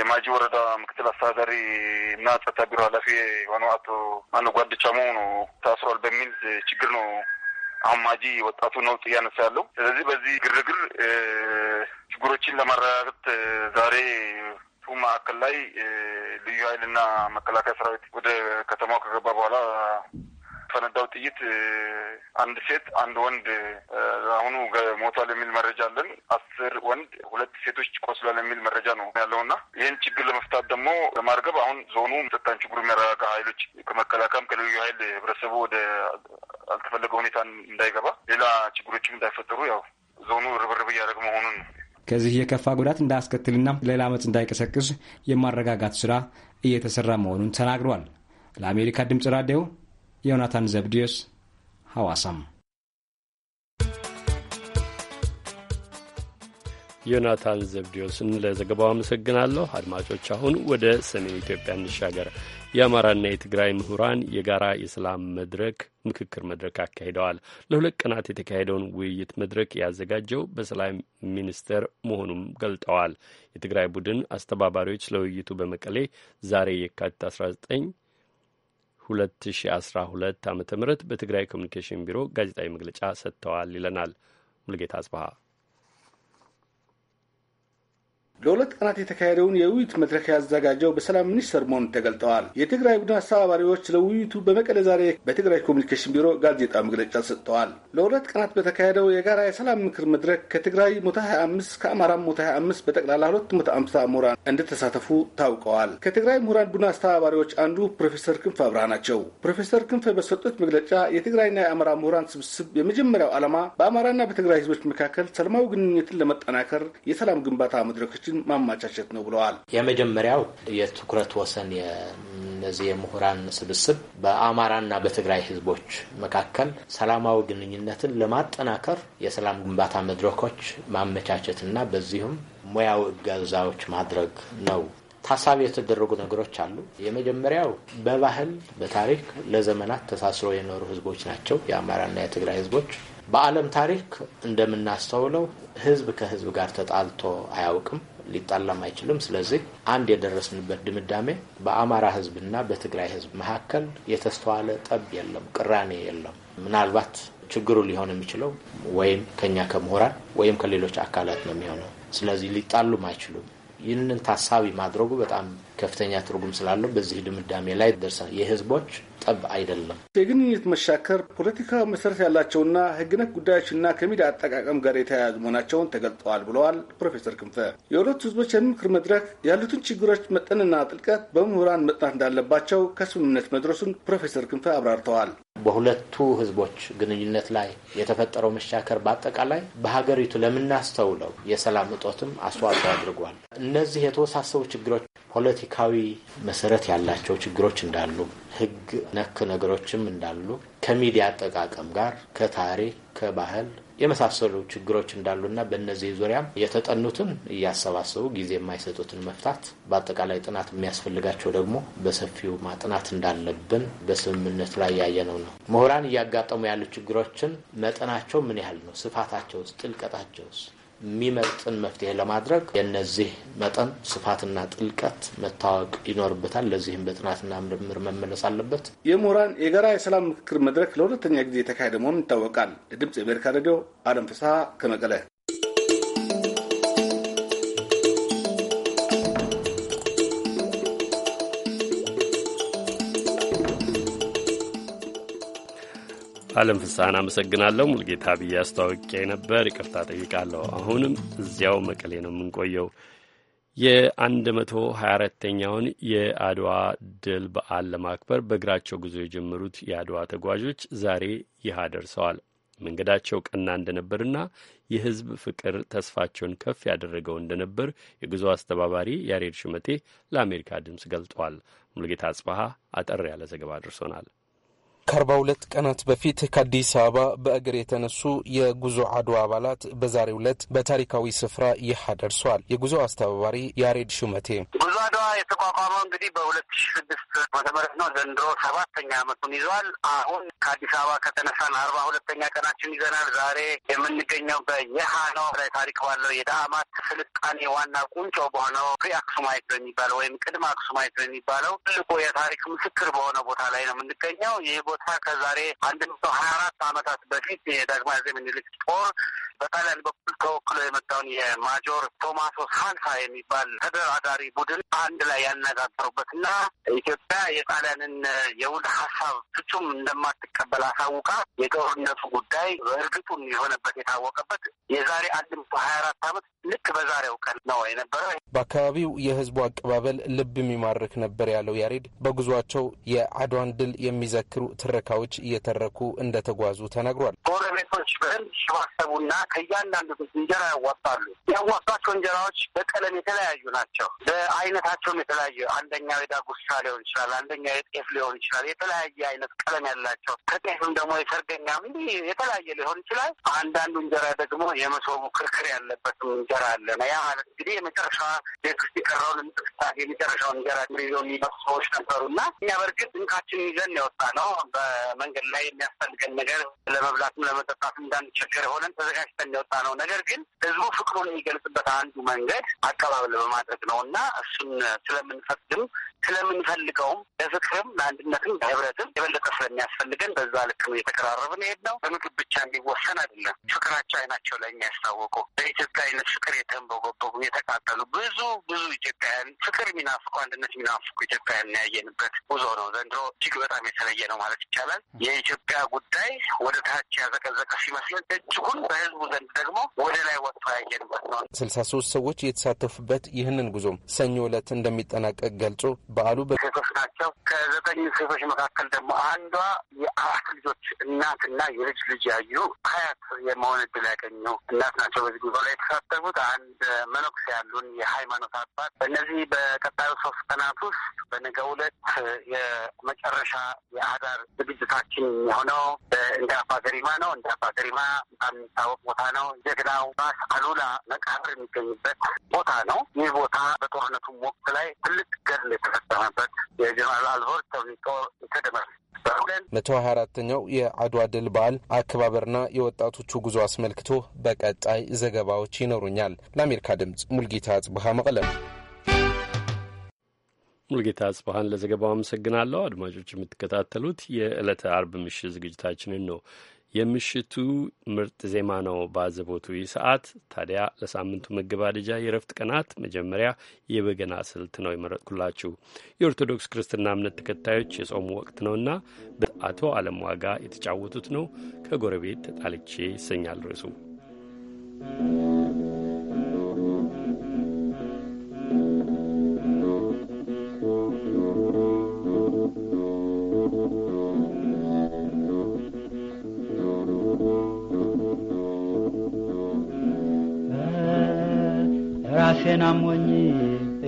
የማጂ ወረዳ ምክትል አስተዳዳሪ እና ጸጥታ ቢሮ ኃላፊ የሆነው አቶ ማነው ጓደቻሞ ነው ታስሯል በሚል ችግር ነው አማጂ ወጣቱ ነውጥ እያነሳ ያለው። ስለዚህ በዚህ ግርግር ችግሮችን ለማረጋገጥ ዛሬ ቱ ማዕከል ላይ ልዩ ኃይልና መከላከያ ሰራዊት ወደ ከተማው ከገባ በኋላ ፈነዳው ጥይት አንድ ሴት አንድ ወንድ አሁኑ ሞቷል የሚል መረጃ አለን። አስር ወንድ ሁለት ሴቶች ቆስሏል የሚል መረጃ ነው ያለውና ይህን ችግር ለመፍታት ደግሞ ለማርገብ አሁን ዞኑ መጠጣን ችግሩ የሚያረጋጋ ኃይሎች ከመከላከያም ከልዩ ኃይል ህብረተሰቡ ወደ አልተፈለገ ሁኔታ እንዳይገባ ሌላ ችግሮችም እንዳይፈጠሩ ያው ዞኑ ርብርብ እያደረግ መሆኑን ነው። ከዚህ የከፋ ጉዳት እንዳያስከትልና ሌላ አመፅ እንዳይቀሰቅስ የማረጋጋት ስራ እየተሰራ መሆኑን ተናግሯል። ለአሜሪካ ድምጽ ራዲዮ ዮናታን ዘብዲዮስ ሐዋሳም። ዮናታን ዘብዲዮስን ለዘገባው አመሰግናለሁ። አድማጮች፣ አሁን ወደ ሰሜን ኢትዮጵያ እንሻገር። የአማራና የትግራይ ምሁራን የጋራ የሰላም መድረክ ምክክር መድረክ አካሂደዋል። ለሁለት ቀናት የተካሄደውን ውይይት መድረክ ያዘጋጀው በሰላም ሚኒስቴር መሆኑም ገልጠዋል። የትግራይ ቡድን አስተባባሪዎች ለውይይቱ በመቀሌ ዛሬ የካቲት 19 2012 ዓ ም በትግራይ ኮሚኒኬሽን ቢሮ ጋዜጣዊ መግለጫ ሰጥተዋል ይለናል ሙልጌታ አጽበሃ። ለሁለት ቀናት የተካሄደውን የውይይት መድረክ ያዘጋጀው በሰላም ሚኒስትር መሆኑን ተገልጠዋል። የትግራይ ቡድን አስተባባሪዎች ለውይይቱ በመቀለ ዛሬ በትግራይ ኮሚኒኬሽን ቢሮ ጋዜጣ መግለጫ ሰጥተዋል። ለሁለት ቀናት በተካሄደው የጋራ የሰላም ምክር መድረክ ከትግራይ ሞታ 25 ከአማራም ሞታ 25 በጠቅላላ 250 ምሁራን እንደተሳተፉ ታውቀዋል። ከትግራይ ምሁራን ቡድን አስተባባሪዎች አንዱ ፕሮፌሰር ክንፈ አብርሃ ናቸው። ፕሮፌሰር ክንፈ በሰጡት መግለጫ የትግራይና የአማራ ምሁራን ስብስብ የመጀመሪያው ዓላማ በአማራና በትግራይ ህዝቦች መካከል ሰላማዊ ግንኙነትን ለመጠናከር የሰላም ግንባታ መድረኮች ዩኒቨርሲቲን ማመቻቸት ነው ብለዋል። የመጀመሪያው የትኩረት ወሰን እነዚህ የምሁራን ስብስብ በአማራና በትግራይ ህዝቦች መካከል ሰላማዊ ግንኙነትን ለማጠናከር የሰላም ግንባታ መድረኮች ማመቻቸትና በዚሁም ሙያዊ እገዛዎች ማድረግ ነው። ታሳቢ የተደረጉ ነገሮች አሉ። የመጀመሪያው በባህል በታሪክ ለዘመናት ተሳስሮ የኖሩ ህዝቦች ናቸው። የአማራና የትግራይ ህዝቦች በዓለም ታሪክ እንደምናስተውለው ህዝብ ከህዝብ ጋር ተጣልቶ አያውቅም። ሊጣላም አይችልም። ስለዚህ አንድ የደረስንበት ድምዳሜ በአማራ ህዝብና በትግራይ ህዝብ መካከል የተስተዋለ ጠብ የለም፣ ቅራኔ የለም። ምናልባት ችግሩ ሊሆን የሚችለው ወይም ከኛ ከምሁራን ወይም ከሌሎች አካላት ነው የሚሆነው። ስለዚህ ሊጣሉም አይችሉም። ይህንን ታሳቢ ማድረጉ በጣም ከፍተኛ ትርጉም ስላለው በዚህ ድምዳሜ ላይ ደርሰናል። የህዝቦች ጠብ አይደለም። የግንኙነት መሻከር ፖለቲካ መሰረት ያላቸውና ህግ ነክ ጉዳዮችና ከሚዲያ አጠቃቀም ጋር የተያያዙ መሆናቸውን ተገልጠዋል ብለዋል ፕሮፌሰር ክንፈ። የሁለቱ ህዝቦች የምክር መድረክ ያሉትን ችግሮች መጠንና ጥልቀት በምሁራን መጥናት እንዳለባቸው ከስምምነት መድረሱን ፕሮፌሰር ክንፈ አብራርተዋል። በሁለቱ ህዝቦች ግንኙነት ላይ የተፈጠረው መሻከር በአጠቃላይ በሀገሪቱ ለምናስተውለው የሰላም እጦትም አስተዋጽኦ አድርጓል። እነዚህ የተወሳሰቡ ችግሮች ፖለቲካዊ መሰረት ያላቸው ችግሮች እንዳሉ፣ ህግ ነክ ነገሮችም እንዳሉ ከሚዲያ አጠቃቀም ጋር፣ ከታሪክ፣ ከባህል የመሳሰሉ ችግሮች እንዳሉና በእነዚህ ዙሪያም የተጠኑትን እያሰባሰቡ ጊዜ የማይሰጡትን መፍታት፣ በአጠቃላይ ጥናት የሚያስፈልጋቸው ደግሞ በሰፊው ማጥናት እንዳለብን በስምምነት ላይ ያየነው ነው። ምሁራን እያጋጠሙ ያሉ ችግሮችን መጠናቸው ምን ያህል ነው? ስፋታቸውስ? ጥልቀታቸውስ? የሚመጥን መፍትሄ ለማድረግ የነዚህ መጠን ስፋትና ጥልቀት መታወቅ ይኖርበታል። ለዚህም በጥናትና ምርምር መመለስ አለበት። የምሁራን የጋራ የሰላም ምክክር መድረክ ለሁለተኛ ጊዜ የተካሄደ መሆኑን ይታወቃል። ለድምፅ የአሜሪካ ሬዲዮ አለም ፍስሀ ከመቀለ አለም ፍስሐን አመሰግናለሁ። ሙልጌታ ብዬ አስተዋውቄ ነበር፣ ይቅርታ ጠይቃለሁ። አሁንም እዚያው መቀሌ ነው የምንቆየው መቶ ሀያ አራተኛውን የአድዋ ድል በዓል ለማክበር በእግራቸው ጉዞ የጀመሩት የአድዋ ተጓዦች ዛሬ ይሃ ደርሰዋል። መንገዳቸው ቀና እንደነበርና የህዝብ ፍቅር ተስፋቸውን ከፍ ያደረገው እንደነበር የጉዞ አስተባባሪ ያሬድ ሹመቴ ለአሜሪካ ድምፅ ገልጠዋል። ሙልጌታ አጽበሃ አጠር ያለ ዘገባ ደርሶናል። ከአርባ ሁለት ቀናት በፊት ከአዲስ አበባ በእግር የተነሱ የጉዞ አድዋ አባላት በዛሬ ዕለት በታሪካዊ ስፍራ ይሓ ደርሷል። የጉዞ አስተባባሪ ያሬድ ሹመቴ ጉዞ አድዋ የተቋቋመው እንግዲህ በሁለት ሺ ስድስት ዓመተ ምህረት ነው። ዘንድሮ ሰባተኛ ዓመቱን ይዟል። አሁን ከአዲስ አበባ ከተነሳን አርባ ሁለተኛ ቀናችን ይዘናል። ዛሬ የምንገኘው በየሓ ነው። ታሪክ ባለው የዳአማት ስልጣኔ ዋና ቁንጮ በሆነው ፍሪ አክሱማይት በሚባለው ወይም ቅድመ አክሱማይት በሚባለው ትልቁ የታሪክ ምስክር በሆነ ቦታ ላይ ነው የምንገኘው። ይህ ቦታ ከዛሬ አንድ መቶ ሀያ አራት ዓመታት በፊት የዳግማዊ አፄ ምኒልክ ጦር በጣሊያን በኩል ተወክሎ የመጣውን የማጆር ቶማሶ ሳንሳ የሚባል ተደራዳሪ ቡድን አንድ ላይ ያነጋገሩበትና ኢትዮጵያ የጣሊያንን የውል ሀሳብ ፍጹም እንደማትቀበል አሳውቃ የጦርነቱ ጉዳይ እርግጡን የሆነበት የታወቀበት የዛሬ አንድ መቶ ሀያ አራት አመት ልክ በዛሬው ቀን ነው የነበረ። በአካባቢው የህዝቡ አቀባበል ልብ የሚማርክ ነበር ያለው ያሬድ በጉዟቸው የአድዋን ድል የሚዘክሩ ትረካዎች እየተረኩ እንደተጓዙ ተነግሯል። ጎረቤቶች በህል ይሸባሰቡና ከእያንዳንዱ እንጀራ ያዋጣሉ። ያዋጧቸው እንጀራዎች በቀለም የተለያዩ ናቸው። በአይነታቸውም የተለያዩ አንደኛው የዳጉሳ ሊሆን ይችላል፣ አንደኛው የጤፍ ሊሆን ይችላል። የተለያየ አይነት ቀለም ያላቸው ከጤፍም ደግሞ የሰርገኛም እንዲህ የተለያየ ሊሆን ይችላል። አንዳንዱ እንጀራ ደግሞ የመሶቡ ክርክር ያለበትም እንጀራ አለ። ያ ማለት እንግዲህ የመጨረሻ ቤት ውስጥ የቀረውን እንቅስቃሴ የመጨረሻውን እንጀራ ይዘው የሚመጡ ሰዎች ነበሩ ነበሩና እኛ በእርግጥ እንካችን ይዘን ያወጣ ነው በመንገድ ላይ የሚያስፈልገን ነገር ለመብላትም ለመጠጣትም እንዳንቸገር ሆነን ተዘጋጅተን የወጣ ነው። ነገር ግን ህዝቡ ፍቅሩን የሚገልጽበት አንዱ መንገድ አቀባበል በማድረግ ነው እና እሱን ስለምንፈቅድም ስለምንፈልገውም ለፍቅርም ለአንድነትም ለህብረትም የበለጠ ስለሚያስፈልገን በዛ ልክ ነው የተቀራረብን ሄድ ነው። በምግብ ብቻ እንዲወሰን አይደለም። ፍቅራቸው አይናቸው ላይ የሚያስታወቁ አይነት ፍቅር የተንበጎበጉ የተቃጠሉ ብዙ ብዙ ኢትዮጵያውያን ፍቅር የሚናፍቁ አንድነት የሚናፍቁ ኢትዮጵያውያን ያየንበት ጉዞ ነው። ዘንድሮ እጅግ በጣም የተለየ ነው ማለት ይቻላል። የኢትዮጵያ ጉዳይ ወደ ታች ያዘቀዘቀ ሲመስለን እጅጉን በህዝቡ ዘንድ ደግሞ ወደ ላይ ወጥቶ ያየንበት ነው። ስልሳ ሶስት ሰዎች የተሳተፉበት ይህንን ጉዞም ሰኞ ዕለት እንደሚጠናቀቅ ገልጾ በዓሉ ሴቶች ናቸው። ከዘጠኙ ሴቶች መካከል ደግሞ አንዷ የአራት ልጆች እናትና የልጅ ልጅ ያዩ ሀያት የመሆን እድል ያገኙ እናት ናቸው። በዚህ ጉዞ ላይ የተሳተፉት አንድ መነኩሴ ያሉን የሃይማኖት አባት በእነዚህ በቀጣዩ ሶስት ቀናት ውስጥ በነገ ሁለት የመጨረሻ የአዳር ዝግጅታችን የሆነው እንደ አባ ገሪማ ነው። እንደ አባ ገሪማ በጣም የሚታወቅ ቦታ ነው። ጀግናው ራስ አሉላ መቃብር የሚገኝበት ቦታ ነው። ይህ ቦታ በጦርነቱም ወቅት ላይ ትልቅ ገድል የተፈጸመበት የጀነራል መቶ ሀያ አራተኛው የአድዋ ድል በዓል አከባበርና የወጣቶቹ ጉዞ አስመልክቶ በቀጣይ ዘገባዎች ይኖሩኛል። ለአሜሪካ ድምጽ ሙልጌታ ጽብሃ መቀለም። ሙልጌታ ጽብሃን ለዘገባው አመሰግናለሁ። አድማጮች የምትከታተሉት የዕለተ አርብ ምሽት ዝግጅታችንን ነው። የምሽቱ ምርጥ ዜማ ነው ባዘቦቱ ይህ ሰዓት። ታዲያ ለሳምንቱ መገባደጃ የእረፍት ቀናት መጀመሪያ የበገና ስልት ነው የመረጥኩላችሁ። የኦርቶዶክስ ክርስትና እምነት ተከታዮች የጾሙ ወቅት ነውና በአቶ አለም ዋጋ የተጫወቱት ነው ከጎረቤት ተጣልቼ ይሰኛል ርዕሱ። ራሴን አሞኝ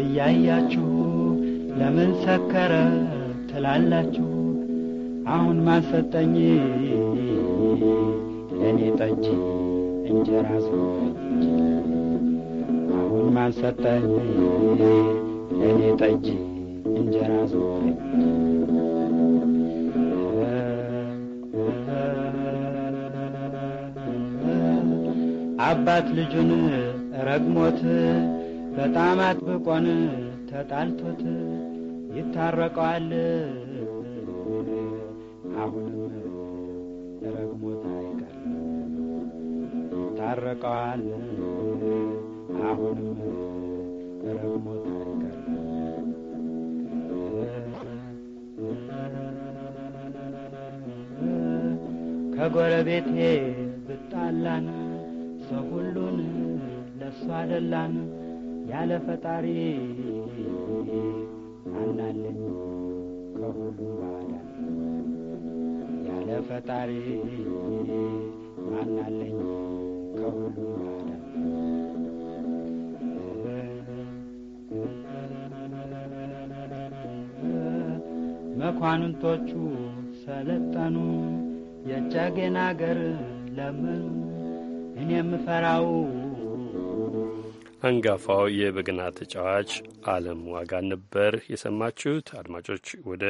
እያያችሁ ለምን ሰከረ ትላላችሁ? አሁን ማሰጠኝ እኔ ጠጅ እንጀራ ሰጠኝ። አሁን ማሰጠኝ እኔ ጠጅ እንጀራ ሰጠኝ። አባት ልጁን ረግሞት በጣም አጥብቆን ተጣልቶት ይታረቀዋል። አሁንም ረግሞት አይቀርም ይታረቀዋል። አሁንም ረግሞት አይቀርም ከጎረቤቴ ብጣላን ሰው ሁሉን እሱ አደላን ያለ ፈጣሪ አናለኝ ከሁሉ ባዳን ያለ ፈጣሪ አናለኝ ከሁሉ ባዳን መኳንንቶቹ ሰለጠኑ የጨጌን አገር ለምን እኔ የምፈራው አንጋፋው የበገና ተጫዋች አለም ዋጋ ነበር የሰማችሁት። አድማጮች፣ ወደ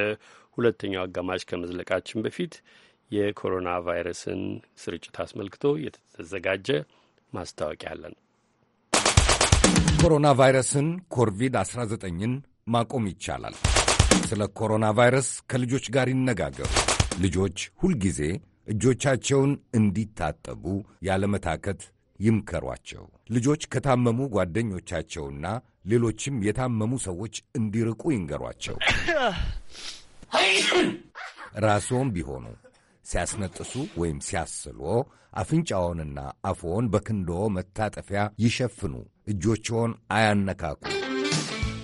ሁለተኛው አጋማሽ ከመዝለቃችን በፊት የኮሮና ቫይረስን ስርጭት አስመልክቶ የተዘጋጀ ማስታወቂያ አለን። ኮሮና ቫይረስን ኮቪድ-19ን ማቆም ይቻላል። ስለ ኮሮና ቫይረስ ከልጆች ጋር ይነጋገሩ። ልጆች ሁልጊዜ እጆቻቸውን እንዲታጠቡ ያለመታከት ይምከሯቸው። ልጆች ከታመሙ ጓደኞቻቸውና ሌሎችም የታመሙ ሰዎች እንዲርቁ ይንገሯቸው። ራስዎም ቢሆኑ ሲያስነጥሱ ወይም ሲያስሎ አፍንጫዎንና አፎን በክንዶ መታጠፊያ ይሸፍኑ። እጆችዎን አያነካኩ።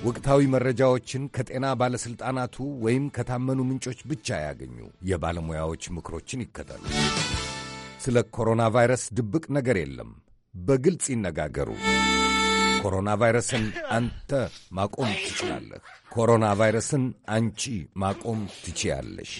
ወቅታዊ መረጃዎችን ከጤና ባለሥልጣናቱ ወይም ከታመኑ ምንጮች ብቻ ያገኙ። የባለሙያዎች ምክሮችን ይከተሉ። ስለ ኮሮና ቫይረስ ድብቅ ነገር የለም። በግልጽ ይነጋገሩ። ኮሮና ቫይረስን አንተ ማቆም ትችላለህ። ኮሮና ቫይረስን አንቺ ማቆም ትችያለሽ።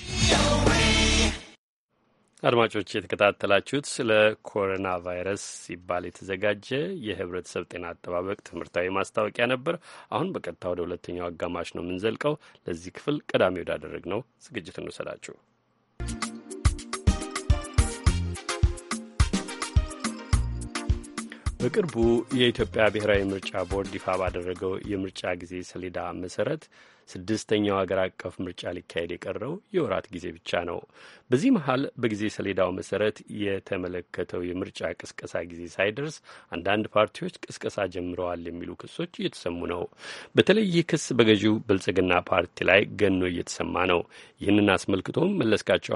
አድማጮች የተከታተላችሁት ስለ ኮሮና ቫይረስ ሲባል የተዘጋጀ የህብረተሰብ ጤና አጠባበቅ ትምህርታዊ ማስታወቂያ ነበር። አሁን በቀጥታ ወደ ሁለተኛው አጋማሽ ነው የምንዘልቀው። ለዚህ ክፍል ቀዳሚ ወዳደረግ ነው ዝግጅት እንውሰዳችሁ። በቅርቡ የኢትዮጵያ ብሔራዊ ምርጫ ቦርድ ይፋ ባደረገው የምርጫ ጊዜ ሰሌዳ መሰረት ስድስተኛው ሀገር አቀፍ ምርጫ ሊካሄድ የቀረው የወራት ጊዜ ብቻ ነው። በዚህ መሀል በጊዜ ሰሌዳው መሰረት የተመለከተው የምርጫ ቅስቀሳ ጊዜ ሳይደርስ አንዳንድ ፓርቲዎች ቅስቀሳ ጀምረዋል የሚሉ ክሶች እየተሰሙ ነው። በተለይ ይህ ክስ በገዢው ብልጽግና ፓርቲ ላይ ገኖ እየተሰማ ነው። ይህንን አስመልክቶም መለስካቸው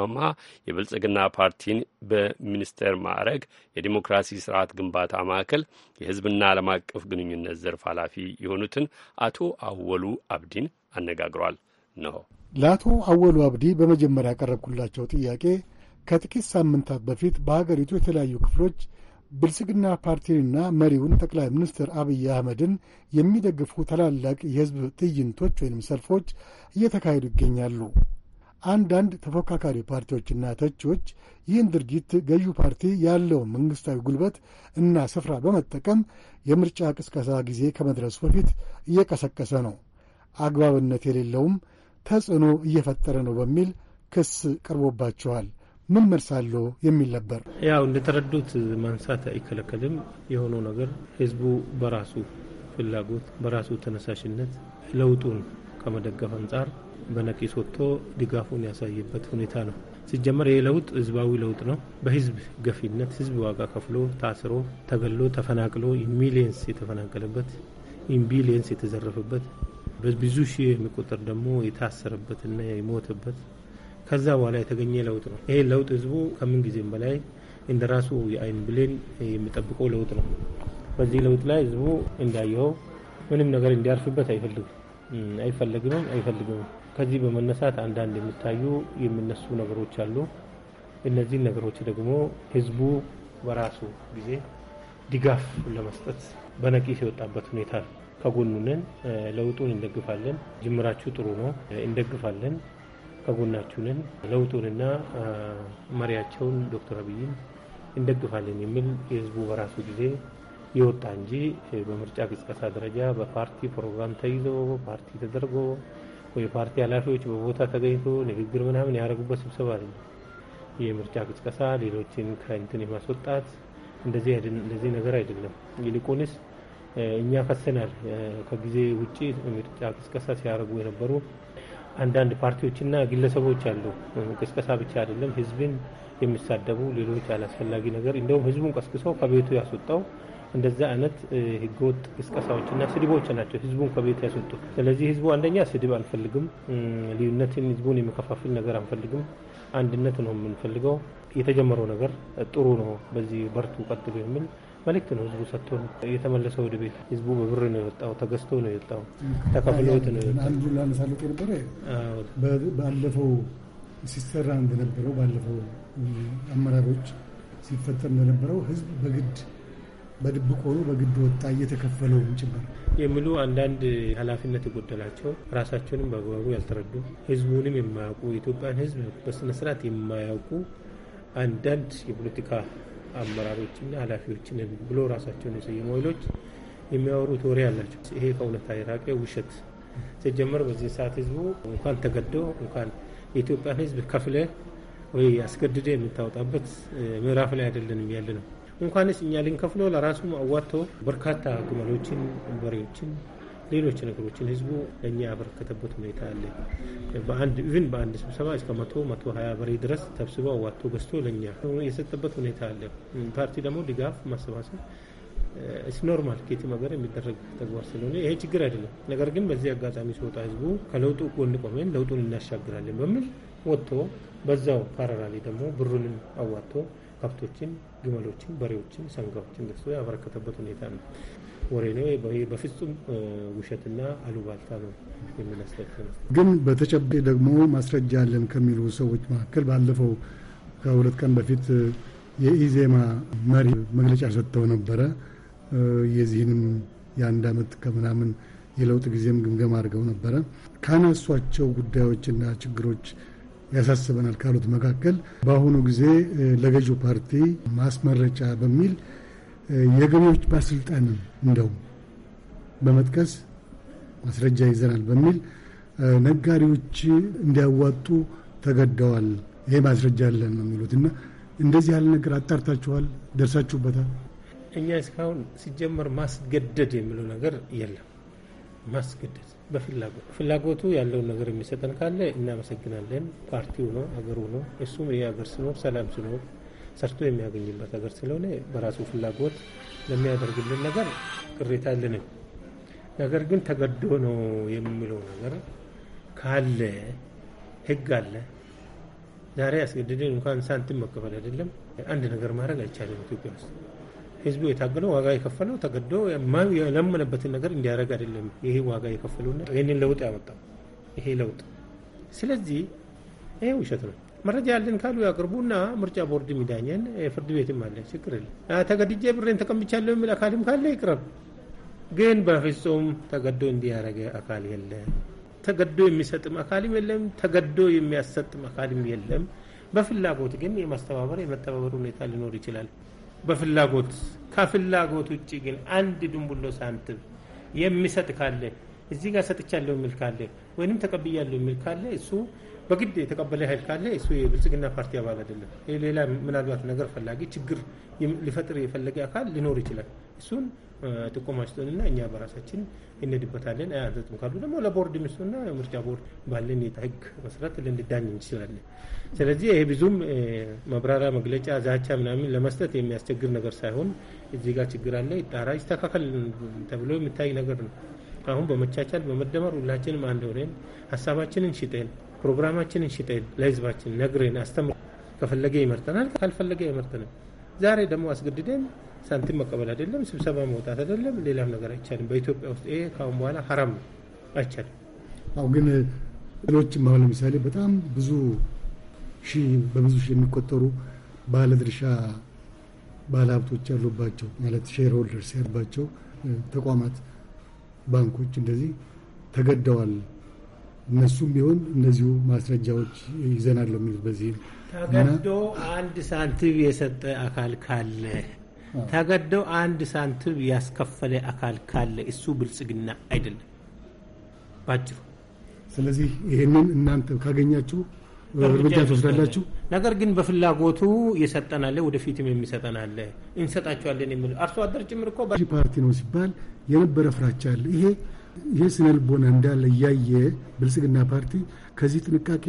የብልጽግና ፓርቲን በሚኒስቴር ማዕረግ የዲሞክራሲ ስርዓት ግንባታ ማዕከል የህዝብና ዓለም አቀፍ ግንኙነት ዘርፍ ኃላፊ የሆኑትን አቶ አወሉ አብዲን አነጋግሯል። ነው ለአቶ አወሉ አብዲ በመጀመሪያ ያቀረብኩላቸው ጥያቄ ከጥቂት ሳምንታት በፊት በሀገሪቱ የተለያዩ ክፍሎች ብልጽግና ፓርቲንና መሪውን ጠቅላይ ሚኒስትር አብይ አህመድን የሚደግፉ ታላላቅ የሕዝብ ትዕይንቶች ወይም ሰልፎች እየተካሄዱ ይገኛሉ። አንዳንድ ተፎካካሪ ፓርቲዎችና ተቺዎች ይህን ድርጊት ገዢው ፓርቲ ያለውን መንግሥታዊ ጉልበት እና ስፍራ በመጠቀም የምርጫ ቅስቀሳ ጊዜ ከመድረሱ በፊት እየቀሰቀሰ ነው አግባብነት የሌለውም ተጽዕኖ እየፈጠረ ነው በሚል ክስ ቀርቦባቸዋል። ምን መልሳለ የሚል ነበር። ያው እንደተረዱት ማንሳት አይከለከልም። የሆነው ነገር ህዝቡ በራሱ ፍላጎት በራሱ ተነሳሽነት ለውጡን ከመደገፍ አንጻር በነቂስ ወጥቶ ድጋፉን ያሳየበት ሁኔታ ነው። ሲጀመር ይህ ለውጥ ህዝባዊ ለውጥ ነው። በህዝብ ገፊነት ህዝብ ዋጋ ከፍሎ ታስሮ፣ ተገሎ፣ ተፈናቅሎ ሚሊየንስ የተፈናቀለበት ቢሊየንስ የተዘረፈበት በብዙ ሺህ የሚቆጠር ደግሞ የታሰረበትና የሞተበት ከዛ በኋላ የተገኘ ለውጥ ነው። ይሄ ለውጥ ህዝቡ ከምን ጊዜም በላይ እንደ ራሱ የአይን ብሌን የሚጠብቀው ለውጥ ነው። በዚህ ለውጥ ላይ ህዝቡ እንዳየው ምንም ነገር እንዲያርፍበት አይፈልግም አይፈልግምም አይፈልግም። ከዚህ በመነሳት አንዳንድ የሚታዩ የሚነሱ ነገሮች አሉ። እነዚህ ነገሮች ደግሞ ህዝቡ በራሱ ጊዜ ድጋፍ ለመስጠት በነቂስ የወጣበት ሁኔታ ነው። ከጎኑ ነን። ለውጡን እንደግፋለን። ጅምራችሁ ጥሩ ነው፣ እንደግፋለን። ከጎናችሁ ነን። ለውጡንና መሪያቸውን ዶክተር አብይን እንደግፋለን የሚል የህዝቡ በራሱ ጊዜ የወጣ እንጂ በምርጫ ቅስቀሳ ደረጃ በፓርቲ ፕሮግራም ተይዞ ፓርቲ ተደርጎ ወይ ፓርቲ ኃላፊዎች በቦታ ተገኝቶ ንግግር ምናምን ያደረጉበት ስብሰባ አይደለም። የምርጫ ቅስቀሳ ሌሎችን ከእንትን የማስወጣት እንደዚህ ነገር አይደለም። ይልቁንስ እኛ ከሰናል። ከጊዜ ውጭ ምርጫ ቅስቀሳ ሲያደርጉ የነበሩ አንዳንድ ፓርቲዎችና ግለሰቦች አሉ። ቅስቀሳ ብቻ አይደለም፣ ህዝብን የሚሳደቡ ሌሎች አላስፈላጊ ነገር እንደውም ህዝቡን ቀስቅሰው ከቤቱ ያስወጣው እንደዛ አይነት ህገወጥ ቅስቀሳዎችና ስድቦች ናቸው ህዝቡን ከቤት ያስወጡ። ስለዚህ ህዝቡ አንደኛ ስድብ አንፈልግም፣ ልዩነትን ህዝቡን የሚከፋፍል ነገር አንፈልግም፣ አንድነት ነው የምንፈልገው። የተጀመረው ነገር ጥሩ ነው፣ በዚህ በርቱ ቀጥሉ የሚል መልእክት ነው ህዝቡ ሰጥቶ የተመለሰው ወደ ቤት። ህዝቡ በብር ነው የወጣው፣ ተገዝቶ ነው የወጣው፣ ተከፍሎት ነው የወጣው። አንዱ ላነሳልቅ ነበረ ባለፈው ሲሰራ እንደነበረው ባለፈው አመራሮች ሲፈጠር እንደነበረው ህዝብ በግድ በድብቅ ሆኖ በግድ ወጣ እየተከፈለው ጭምር የሚሉ አንዳንድ ኃላፊነት የጎደላቸው ራሳቸውንም በአግባቡ ያልተረዱ ህዝቡንም የማያውቁ የኢትዮጵያን ህዝብ በስነስርዓት የማያውቁ አንዳንድ የፖለቲካ አመራሮችና ኃላፊዎችን ብሎ ራሳቸውን የሰየሙ ኃይሎች የሚያወሩት ወሬ አላቸው። ይሄ ከእውነታ የራቀ ውሸት ሲጀመር በዚህ ሰዓት ህዝቡ እንኳን ተገዶ እንኳን የኢትዮጵያን ህዝብ ከፍለ ወይ አስገድደ የምታወጣበት ምዕራፍ ላይ አይደለንም ያለ ነው። እንኳንስ እኛ ልንከፍሎ ለራሱም አዋጥቶ በርካታ ግመሎችን፣ በሬዎችን ሌሎች ነገሮችን ህዝቡ ለእኛ ያበረከተበት ሁኔታ አለ። በአንድ ኢቭን በአንድ ስብሰባ እስከ መቶ መቶ ሀያ በሬ ድረስ ተብስቦ አዋቶ ገዝቶ ለእኛ የሰጠበት ሁኔታ አለ። ፓርቲ ደግሞ ድጋፍ ማሰባሰብ እስ ኖርማል ከየትም ሀገር የሚደረግ ተግባር ስለሆነ ይሄ ችግር አይደለም። ነገር ግን በዚህ አጋጣሚ ሲወጣ ህዝቡ ከለውጡ ጎን ቆመን ለውጡን እናሻግራለን በሚል ወጥቶ በዛው ፓራራሊ ደግሞ ብሩንም አዋጥቶ ከብቶችን፣ ግመሎችን፣ በሬዎችን፣ ሰንጋዎችን ገዝቶ ያበረከተበት ሁኔታ ነው። ወሬ ነው። በፍጹም ውሸትና አሉባልታ ነው የምናስተክል። ግን በተጨባጭ ደግሞ ማስረጃ አለን ከሚሉ ሰዎች መካከል ባለፈው ከሁለት ቀን በፊት የኢዜማ መሪ መግለጫ ሰጥተው ነበረ። የዚህንም የአንድ ዓመት ከምናምን የለውጥ ጊዜም ግምገማ አድርገው ነበረ። ካነሷቸው ጉዳዮችና ችግሮች ያሳስበናል ካሉት መካከል በአሁኑ ጊዜ ለገዢው ፓርቲ ማስመረጫ በሚል የገቢዎች ባለስልጣን እንደው በመጥቀስ ማስረጃ ይዘናል በሚል ነጋዴዎች እንዲያዋጡ ተገደዋል። ይሄ ማስረጃ አለን ነው የሚሉት እና እንደዚህ ያለ ነገር አጣርታችኋል? ደርሳችሁበታል? እኛ እስካሁን ሲጀመር ማስገደድ የሚለው ነገር የለም። ማስገደድ በፍላጎት ፍላጎቱ ያለውን ነገር የሚሰጠን ካለ እናመሰግናለን። ፓርቲው ነው፣ አገሩ ነው። እሱም የሀገር ሲኖር ሰላም ሲኖር ሰርቶ የሚያገኝበት ሀገር ስለሆነ በራሱ ፍላጎት ለሚያደርግልን ነገር ቅሬታ የለንም። ነገር ግን ተገዶ ነው የሚለው ነገር ካለ ህግ አለ። ዛሬ አስገድደን እንኳን ሳንቲም መከፈል አይደለም አንድ ነገር ማድረግ አይቻልም። ኢትዮጵያ ውስጥ ህዝቡ የታገለው ዋጋ የከፈለው ተገዶ የለመነበትን ነገር እንዲያደርግ አይደለም። ይሄ ዋጋ የከፈለውና ይህንን ለውጥ ያመጣው ይሄ ለውጥ ስለዚህ ይሄ ውሸት ነው። መረጃ ያለን ካሉ ያቅርቡና ምርጫ ቦርድ የሚዳኘን ፍርድ ቤትም አለ። ችግር የለም። ተገድጄ ብሬን ተቀምቻለሁ የሚል አካልም ካለ ይቅረብ። ግን በፍጹም ተገዶ እንዲያደረገ አካል የለም። ተገዶ የሚሰጥም አካልም የለም። ተገዶ የሚያሰጥም አካልም የለም። በፍላጎት ግን የማስተባበር የመተባበር ሁኔታ ሊኖር ይችላል። በፍላጎት ከፍላጎት ውጭ ግን አንድ ድንቡሎ ሳንትብ የሚሰጥ ካለ እዚህ ጋር ሰጥቻለሁ የሚል ካለ ወይንም ተቀብያለሁ የሚል ካለ እሱ በግድ የተቀበለ ኃይል ካለ እሱ የብልጽግና ፓርቲ አባል አይደለም። ሌላ ምናልባት ነገር ፈላጊ ችግር ሊፈጥር የፈለገ አካል ሊኖር ይችላል። እሱን ጥቆማ ስጡንና እኛ በራሳችን እንሄድበታለን። አንሰጥም ካሉ ደግሞ ለቦርድ ምስና ምርጫ ቦርድ ባለን የህግ መሰረት ልንዳኝ እንችላለን። ስለዚህ ይሄ ብዙም መብራሪያ፣ መግለጫ፣ ዛቻ ምናምን ለመስጠት የሚያስቸግር ነገር ሳይሆን እዚህ ጋር ችግር አለ፣ ይጣራ፣ ይስተካከል ተብሎ የሚታይ ነገር ነው። አሁን በመቻቻል በመደመር ሁላችንም አንድ ሆነን ሀሳባችንን ሽጠን ፕሮግራማችንን ሽጠን ለህዝባችን ነግረን አስተምረ ከፈለገ ይመርጠናል፣ ካልፈለገ አይመርጠንም። ዛሬ ደግሞ አስገድደን ሳንቲም መቀበል አይደለም፣ ስብሰባ መውጣት አይደለም፣ ሌላም ነገር አይቻልም። በኢትዮጵያ ውስጥ ይሄ ካሁን በኋላ ሀራም ነው፣ አይቻልም። አሁ ግን ሌሎችም አሁን ለምሳሌ በጣም ብዙ ሺ በብዙ ሺህ የሚቆጠሩ ባለድርሻ ባለሀብቶች ያሉባቸው ማለት ሼር ሆልደርስ ያሉባቸው ተቋማት ባንኮች እንደዚህ ተገደዋል። እነሱም ቢሆን እነዚሁ ማስረጃዎች ይዘናል የሚሉት በዚህ ተገዶ አንድ ሳንቲም የሰጠ አካል ካለ ተገዶ አንድ ሳንቲም ያስከፈለ አካል ካለ እሱ ብልጽግና አይደለም ባጭሩ። ስለዚህ ይህንን እናንተ ካገኛችሁ እርምጃ ትወስዳላችሁ። ነገር ግን በፍላጎቱ የሰጠናለ ወደፊትም የሚሰጠናለ እንሰጣቸዋለን የሚሉ አርሶ አደር ጭምር እኮ ፓርቲ ነው ሲባል የነበረ ፍራቻ አለ። ይሄ ይህ ስነልቦና እንዳለ እያየ ብልጽግና ፓርቲ ከዚህ ጥንቃቄ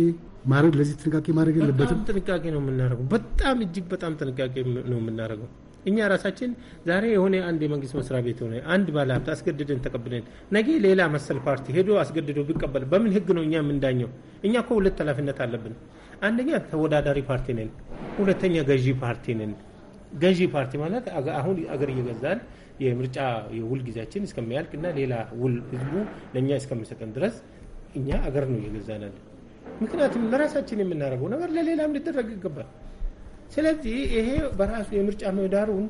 ማድረግ ለዚህ ጥንቃቄ ማድረግ የለበትም። ጥንቃቄ ነው የምናደርገው። በጣም እጅግ በጣም ጥንቃቄ ነው የምናደርገው። እኛ ራሳችን ዛሬ የሆነ አንድ የመንግስት መስሪያ ቤት ሆነ አንድ ባለሀብት አስገድደን ተቀብለን ነገ ሌላ መሰል ፓርቲ ሄዶ አስገድዶ ቢቀበል በምን ህግ ነው እኛ የምንዳኘው? እኛ እኮ ሁለት ኃላፊነት አለብን። አንደኛ ተወዳዳሪ ፓርቲ ነን፣ ሁለተኛ ገዢ ፓርቲ ነን። ገዢ ፓርቲ ማለት አሁን አገር እየገዛን የምርጫ የውል ጊዜያችን እስከሚያልቅ እና ሌላ ውል ህዝቡ ለእኛ እስከሚሰጠን ድረስ እኛ አገር ነው እየገዛናል። ምክንያቱም ለራሳችን የምናደርገው ነገር ለሌላም ሊደረግ ይገባል። ስለዚህ ይሄ በራሱ የምርጫ ምህዳሩን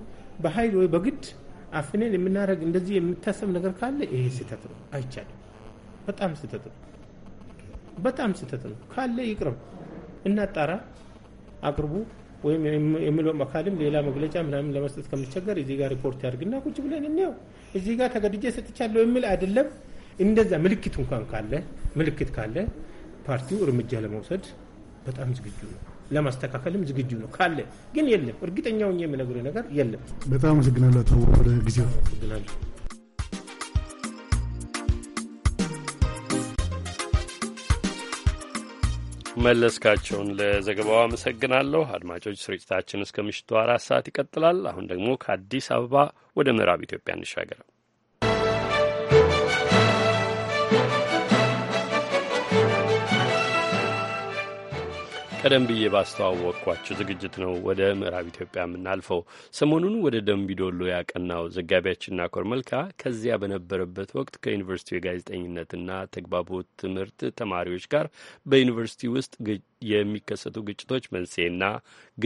በኃይል ወይ በግድ አፍነን የምናደርግ እንደዚህ የምታሰብ ነገር ካለ ይሄ ስህተት ነው፣ አይቻልም። በጣም ስህተት ነው፣ በጣም ስህተት ነው። ካለ ይቅርም፣ እናጣራ፣ አቅርቡ ወይም የሚለውም አካልም ሌላ መግለጫ ምናምን ለመስጠት ከምቸገር እዚህ ጋር ሪፖርት ያድርግና ቁጭ ብለን እንየው። እዚህ ጋር ተገድጄ ሰጥቻለሁ የሚል አይደለም። እንደዛ ምልክት እንኳን ካለ ምልክት ካለ ፓርቲው እርምጃ ለመውሰድ በጣም ዝግጁ ነው። ለማስተካከልም ዝግጁ ነው። ካለ ግን የለም፣ እርግጠኛውን የምነግሩ ነገር የለም። በጣም አመሰግናለሁ ተው ወደ ጊዜው አመሰግናለሁ። መለስካቸውን ለዘገባው አመሰግናለሁ። አድማጮች ስርጭታችን እስከ ምሽቱ አራት ሰዓት ይቀጥላል። አሁን ደግሞ ከአዲስ አበባ ወደ ምዕራብ ኢትዮጵያ እንሻገር። ቀደም ብዬ ባስተዋወቅኳቸው ዝግጅት ነው ወደ ምዕራብ ኢትዮጵያ የምናልፈው። ሰሞኑን ወደ ደምቢዶሎ ያቀናው ዘጋቢያችን ናኮር መልካ ከዚያ በነበረበት ወቅት ከዩኒቨርሲቲው የጋዜጠኝነትና ተግባቦት ትምህርት ተማሪዎች ጋር በዩኒቨርሲቲ ውስጥ የሚከሰቱ ግጭቶች መንስኤና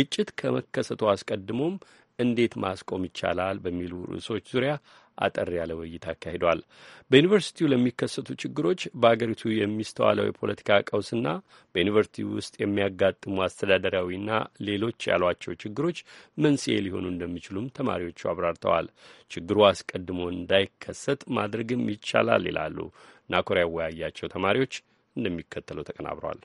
ግጭት ከመከሰቱ አስቀድሞም እንዴት ማስቆም ይቻላል በሚሉ ርዕሶች ዙሪያ አጠር ያለ ውይይት አካሂዷል። በዩኒቨርሲቲው ለሚከሰቱ ችግሮች፣ በአገሪቱ የሚስተዋለው የፖለቲካ ቀውስና በዩኒቨርሲቲ ውስጥ የሚያጋጥሙ አስተዳደራዊና ሌሎች ያሏቸው ችግሮች መንስኤ ሊሆኑ እንደሚችሉም ተማሪዎቹ አብራርተዋል። ችግሩ አስቀድሞ እንዳይከሰት ማድረግም ይቻላል ይላሉ። ናኮር ያወያያቸው ተማሪዎች እንደሚከተለው ተቀናብረዋል።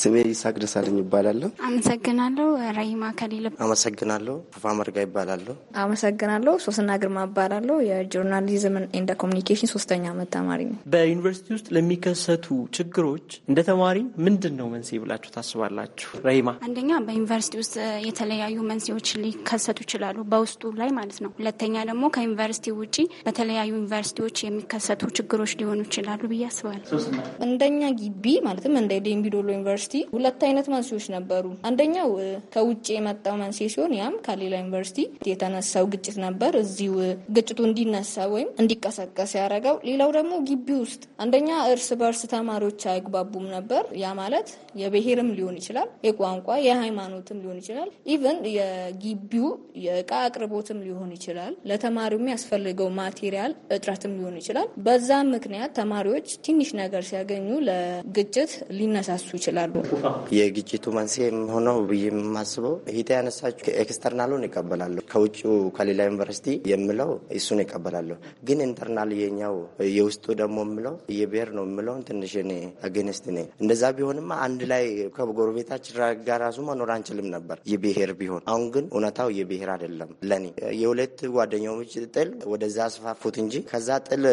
ስሜ ይሳቅ ደሳለኝ ይባላለሁ። አመሰግናለሁ። ራሂማ ከሌለ አመሰግናለሁ። ፉፋ መርጋ ይባላለሁ። አመሰግናለሁ። ሶስና ግርማ ይባላለሁ። የጆርናሊዝም ኤንድ ኮሚኒኬሽን ሶስተኛ አመት ተማሪ ነው። በዩኒቨርሲቲ ውስጥ ለሚከሰቱ ችግሮች እንደ ተማሪ ምንድን ነው መንስኤ ብላችሁ ታስባላችሁ? ራሂማ፣ አንደኛ በዩኒቨርሲቲ ውስጥ የተለያዩ መንስኤዎች ሊከሰቱ ይችላሉ፣ በውስጡ ላይ ማለት ነው። ሁለተኛ ደግሞ ከዩኒቨርሲቲ ውጪ በተለያዩ ዩኒቨርሲቲዎች የሚከሰቱ ችግሮች ሊሆኑ ይችላሉ ብዬ አስባለሁ። እንደኛ ግቢ ማለትም እንደ ዩኒቨርሲቲ ዩኒቨርሲቲ ሁለት አይነት መንስኤዎች ነበሩ። አንደኛው ከውጭ የመጣው መንስኤ ሲሆን ያም ከሌላ ዩኒቨርሲቲ የተነሳው ግጭት ነበር። እዚሁ ግጭቱ እንዲነሳ ወይም እንዲቀሰቀስ ያደረገው። ሌላው ደግሞ ግቢ ውስጥ አንደኛ እርስ በርስ ተማሪዎች አይግባቡም ነበር። ያ ማለት የብሔርም ሊሆን ይችላል፣ የቋንቋ የሃይማኖትም ሊሆን ይችላል፣ ኢቨን የግቢው የእቃ አቅርቦትም ሊሆን ይችላል፣ ለተማሪው የሚያስፈልገው ማቴሪያል እጥረትም ሊሆን ይችላል። በዛም ምክንያት ተማሪዎች ትንሽ ነገር ሲያገኙ ለግጭት ሊነሳሱ ይችላሉ። ይችላሉ። የግጭቱ መንስ ሆነው ብዬ የማስበው ሂታ ያነሳችሁ ኤክስተርናሉን ይቀበላለሁ። ከውጭ ከሌላ ዩኒቨርሲቲ የምለው እሱን ይቀበላለሁ። ግን ኢንተርናል የኛው የውስጡ ደግሞ የምለው የብሔር ነው የምለውን ትንሽ እኔ አገንስት ነኝ። እንደዛ ቢሆንም አንድ ላይ ከጎረቤታች ጋር ራሱ መኖር አንችልም ነበር የብሔር ቢሆን። አሁን ግን እውነታው የብሔር አይደለም። ለኔ የሁለት ጓደኛዎች ጥል ወደዛ አስፋፉት እንጂ ከዛ ጥል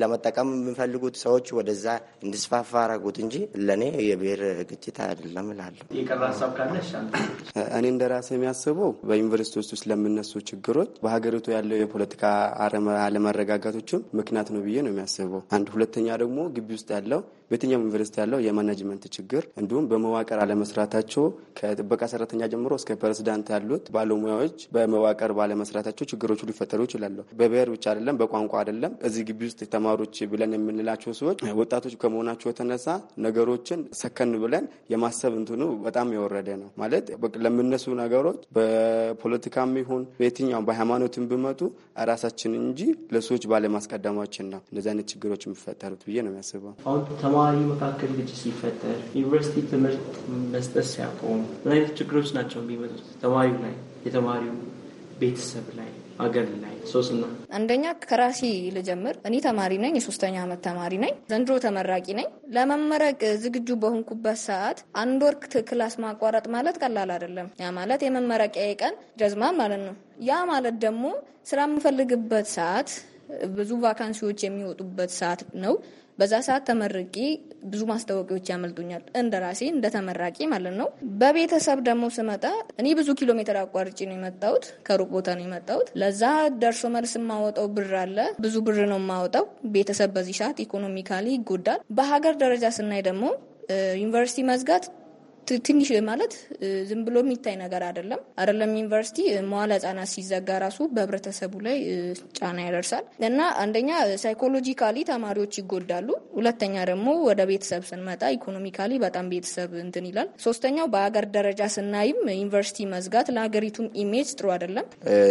ለመጠቀም የሚፈልጉት ሰዎች ወደዛ እንዲስፋፋ አረጉት እንጂ ለእኔ የብሔር ዝግጅት አይደለም እላለሁ። እኔ እንደ ራሴ የሚያስበው በዩኒቨርሲቲዎች ውስጥ ለሚነሱ ችግሮች በሀገሪቱ ያለው የፖለቲካ አለመረጋጋቶችም ምክንያት ነው ብዬ ነው የሚያስበው። አንድ ሁለተኛ ደግሞ ግቢ ውስጥ ያለው በየትኛው ዩኒቨርሲቲ ያለው የማናጅመንት ችግር እንዲሁም በመዋቅር አለመስራታቸው ከጥበቃ ሰራተኛ ጀምሮ እስከ ፕሬዚዳንት ያሉት ባለሙያዎች በመዋቅር ባለመስራታቸው ችግሮቹ ሊፈጠሩ ይችላሉ። በብሔር ብቻ አይደለም፣ በቋንቋ አይደለም። እዚህ ግቢ ውስጥ ተማሪዎች ብለን የምንላቸው ሰዎች ወጣቶች ከመሆናቸው የተነሳ ነገሮችን ሰከን ብለን የማሰብ እንትኑ በጣም የወረደ ነው ማለት ለምነሱ ነገሮች በፖለቲካም ይሁን በየትኛውም በሃይማኖትን ብመጡ ራሳችን እንጂ ለሰዎች ባለማስቀደማችን ነው እንደዚህ አይነት ችግሮች የሚፈጠሩት ብዬ ነው የሚያስበው። ተማሪ መካከል ግጭት ሲፈጠር፣ ዩኒቨርሲቲ ትምህርት መስጠት ሲያቆም ምን አይነት ችግሮች ናቸው የሚመጡት? ተማሪው ላይ፣ የተማሪው ቤተሰብ ላይ አገር ላይ ሶስና አንደኛ ከራሴ ልጀምር። እኔ ተማሪ ነኝ፣ የሶስተኛ ዓመት ተማሪ ነኝ። ዘንድሮ ተመራቂ ነኝ። ለመመረቅ ዝግጁ በሆንኩበት ሰዓት አንድ ወር ክላስ ማቋረጥ ማለት ቀላል አይደለም። ያ ማለት የመመረቂያ ቀን ጀዝማ ማለት ነው። ያ ማለት ደግሞ ስራ የምፈልግበት ሰዓት ብዙ ቫካንሲዎች የሚወጡበት ሰዓት ነው። በዛ ሰዓት ተመርቂ ብዙ ማስታወቂያዎች ያመልጡኛል፣ እንደ ራሴ እንደ ተመራቂ ማለት ነው። በቤተሰብ ደግሞ ስመጣ እኔ ብዙ ኪሎ ሜትር አቋርጬ ነው የመጣሁት፣ ከሩቅ ቦታ ነው የመጣሁት። ለዛ ደርሶ መልስ የማወጣው ብር አለ፣ ብዙ ብር ነው የማወጣው። ቤተሰብ በዚህ ሰዓት ኢኮኖሚካሊ ይጎዳል። በሀገር ደረጃ ስናይ ደግሞ ዩኒቨርሲቲ መዝጋት ትንሽ ማለት ዝም ብሎ የሚታይ ነገር አይደለም። አይደለም ዩኒቨርሲቲ መዋለ ህጻናት ሲዘጋ ራሱ በህብረተሰቡ ላይ ጫና ያደርሳል እና አንደኛ ሳይኮሎጂካሊ ተማሪዎች ይጎዳሉ። ሁለተኛ ደግሞ ወደ ቤተሰብ ስንመጣ ኢኮኖሚካሊ በጣም ቤተሰብ እንትን ይላል። ሶስተኛው በሀገር ደረጃ ስናይም ዩኒቨርሲቲ መዝጋት ለሀገሪቱም ኢሜጅ ጥሩ አይደለም።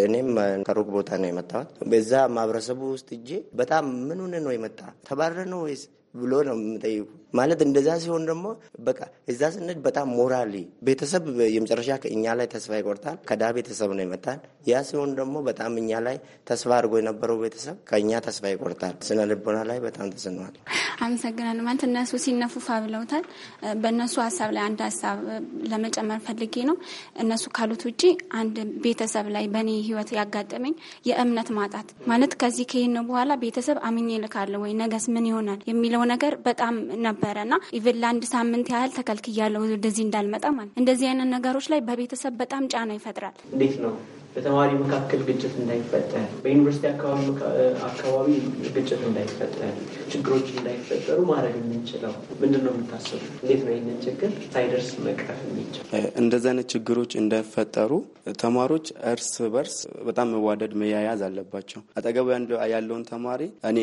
እኔም ከሩቅ ቦታ ነው የመጣሁት። በዛ ማህበረሰቡ ውስጥ እጄ በጣም ምን ሆነ ነው የመጣ ተባረ ነው ወይስ ብሎ ነው የምጠይቁ ማለት እንደዛ ሲሆን ደግሞ በቃ እዛ ስንሄድ በጣም ሞራሊ ቤተሰብ የመጨረሻ እኛ ላይ ተስፋ ይቆርጣል። ከዳ ቤተሰብ ነው ይመጣል። ያ ሲሆን ደግሞ በጣም እኛ ላይ ተስፋ አድርጎ የነበረው ቤተሰብ ከእኛ ተስፋ ይቆርጣል። ስነ ልቦና ላይ በጣም ተስኗል። አመሰግናለሁ። ማለት እነሱ ሲነፉፋ ብለውታል። በእነሱ ሀሳብ ላይ አንድ ሀሳብ ለመጨመር ፈልጌ ነው። እነሱ ካሉት ውጭ አንድ ቤተሰብ ላይ በእኔ ህይወት ያጋጠመኝ የእምነት ማጣት ማለት ከዚህ ከሄድን በኋላ ቤተሰብ አምኜ ልካለሁ ወይ ነገስ ምን ይሆናል የሚለው ነገር በጣም ነበር ነበረ ነበረና ኢቨን ለአንድ ሳምንት ያህል ተከልክያለሁ ወደዚህ እንዳልመጣ ማለት። እንደዚህ አይነት ነገሮች ላይ በቤተሰብ በጣም ጫና ይፈጥራል። እንዴት ነው በተማሪ መካከል ግጭት እንዳይፈጠር፣ በዩኒቨርሲቲ አካባቢ ግጭት እንዳይፈጠር፣ ችግሮች እንዳይፈጠሩ ማድረግ የምንችለው ምንድን ነው የምታስቡ? እንዴት ነው ይህንን ችግር ሳይደርስ መቅረፍ የሚቻል? እንደዚህ አይነት ችግሮች እንዳይፈጠሩ ተማሪዎች እርስ በርስ በጣም መዋደድ መያያዝ አለባቸው። አጠገቡ ያለውን ተማሪ እኔ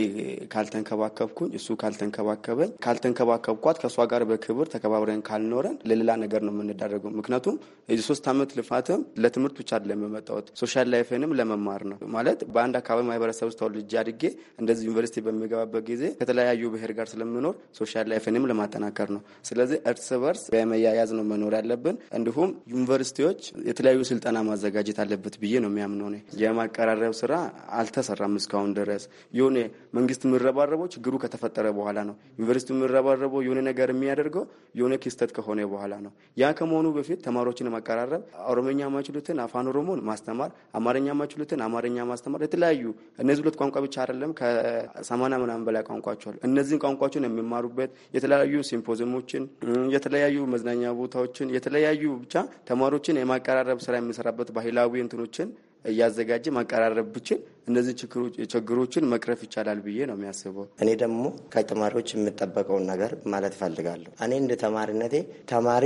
ካልተንከባከብኩኝ፣ እሱ ካልተንከባከበኝ፣ ካልተንከባከብኳት ከእሷ ጋር በክብር ተከባብረን ካልኖረን ለሌላ ነገር ነው የምንዳረገው። ምክንያቱም የሶስት ዓመት ልፋትም ለትምህርት ብቻ ለመመጣው የመጣሁት ሶሻል ላይፍንም ለመማር ነው። ማለት በአንድ አካባቢ ማህበረሰብ ውስጥ ተወልጄ አድጌ እንደዚህ ዩኒቨርሲቲ በሚገባበት ጊዜ ከተለያዩ ብሔር ጋር ስለምኖር ሶሻል ላይፍንም ለማጠናከር ነው። ስለዚህ እርስ በርስ በመያያዝ ነው መኖር ያለብን። እንዲሁም ዩኒቨርሲቲዎች የተለያዩ ስልጠና ማዘጋጀት አለበት ብዬ ነው የሚያምነው። የማቀራረብ ስራ አልተሰራም እስካሁን ድረስ። የሆነ መንግስት የሚረባረበው ችግሩ ከተፈጠረ በኋላ ነው። ዩኒቨርሲቲ የሚረባረበው የሆነ ነገር የሚያደርገው የሆነ ክስተት ከሆነ በኋላ ነው። ያ ከመሆኑ በፊት ተማሪዎችን ማቀራረብ፣ ኦሮሞኛ የማይችሉትን አፋን ኦሮሞን ማስተ ማስተማር፣ አማርኛ ማችሉትን አማርኛ ማስተማር፣ የተለያዩ እነዚህ ሁለት ቋንቋ ብቻ አይደለም ከሰማንያ ምናምን በላይ ቋንቋዎች አሉ። እነዚህን ቋንቋዎችን የሚማሩበት የተለያዩ ሲምፖዚየሞችን፣ የተለያዩ መዝናኛ ቦታዎችን፣ የተለያዩ ብቻ ተማሪዎችን የማቀራረብ ስራ የሚሰራበት ባህላዊ እንትኖችን እያዘጋጀ ማቀራረብ ብችል እነዚህ ችግሮችን መቅረፍ ይቻላል ብዬ ነው የሚያስበው። እኔ ደግሞ ከተማሪዎች የምጠበቀውን ነገር ማለት ፈልጋለሁ። እኔ እንደ ተማሪነቴ ተማሪ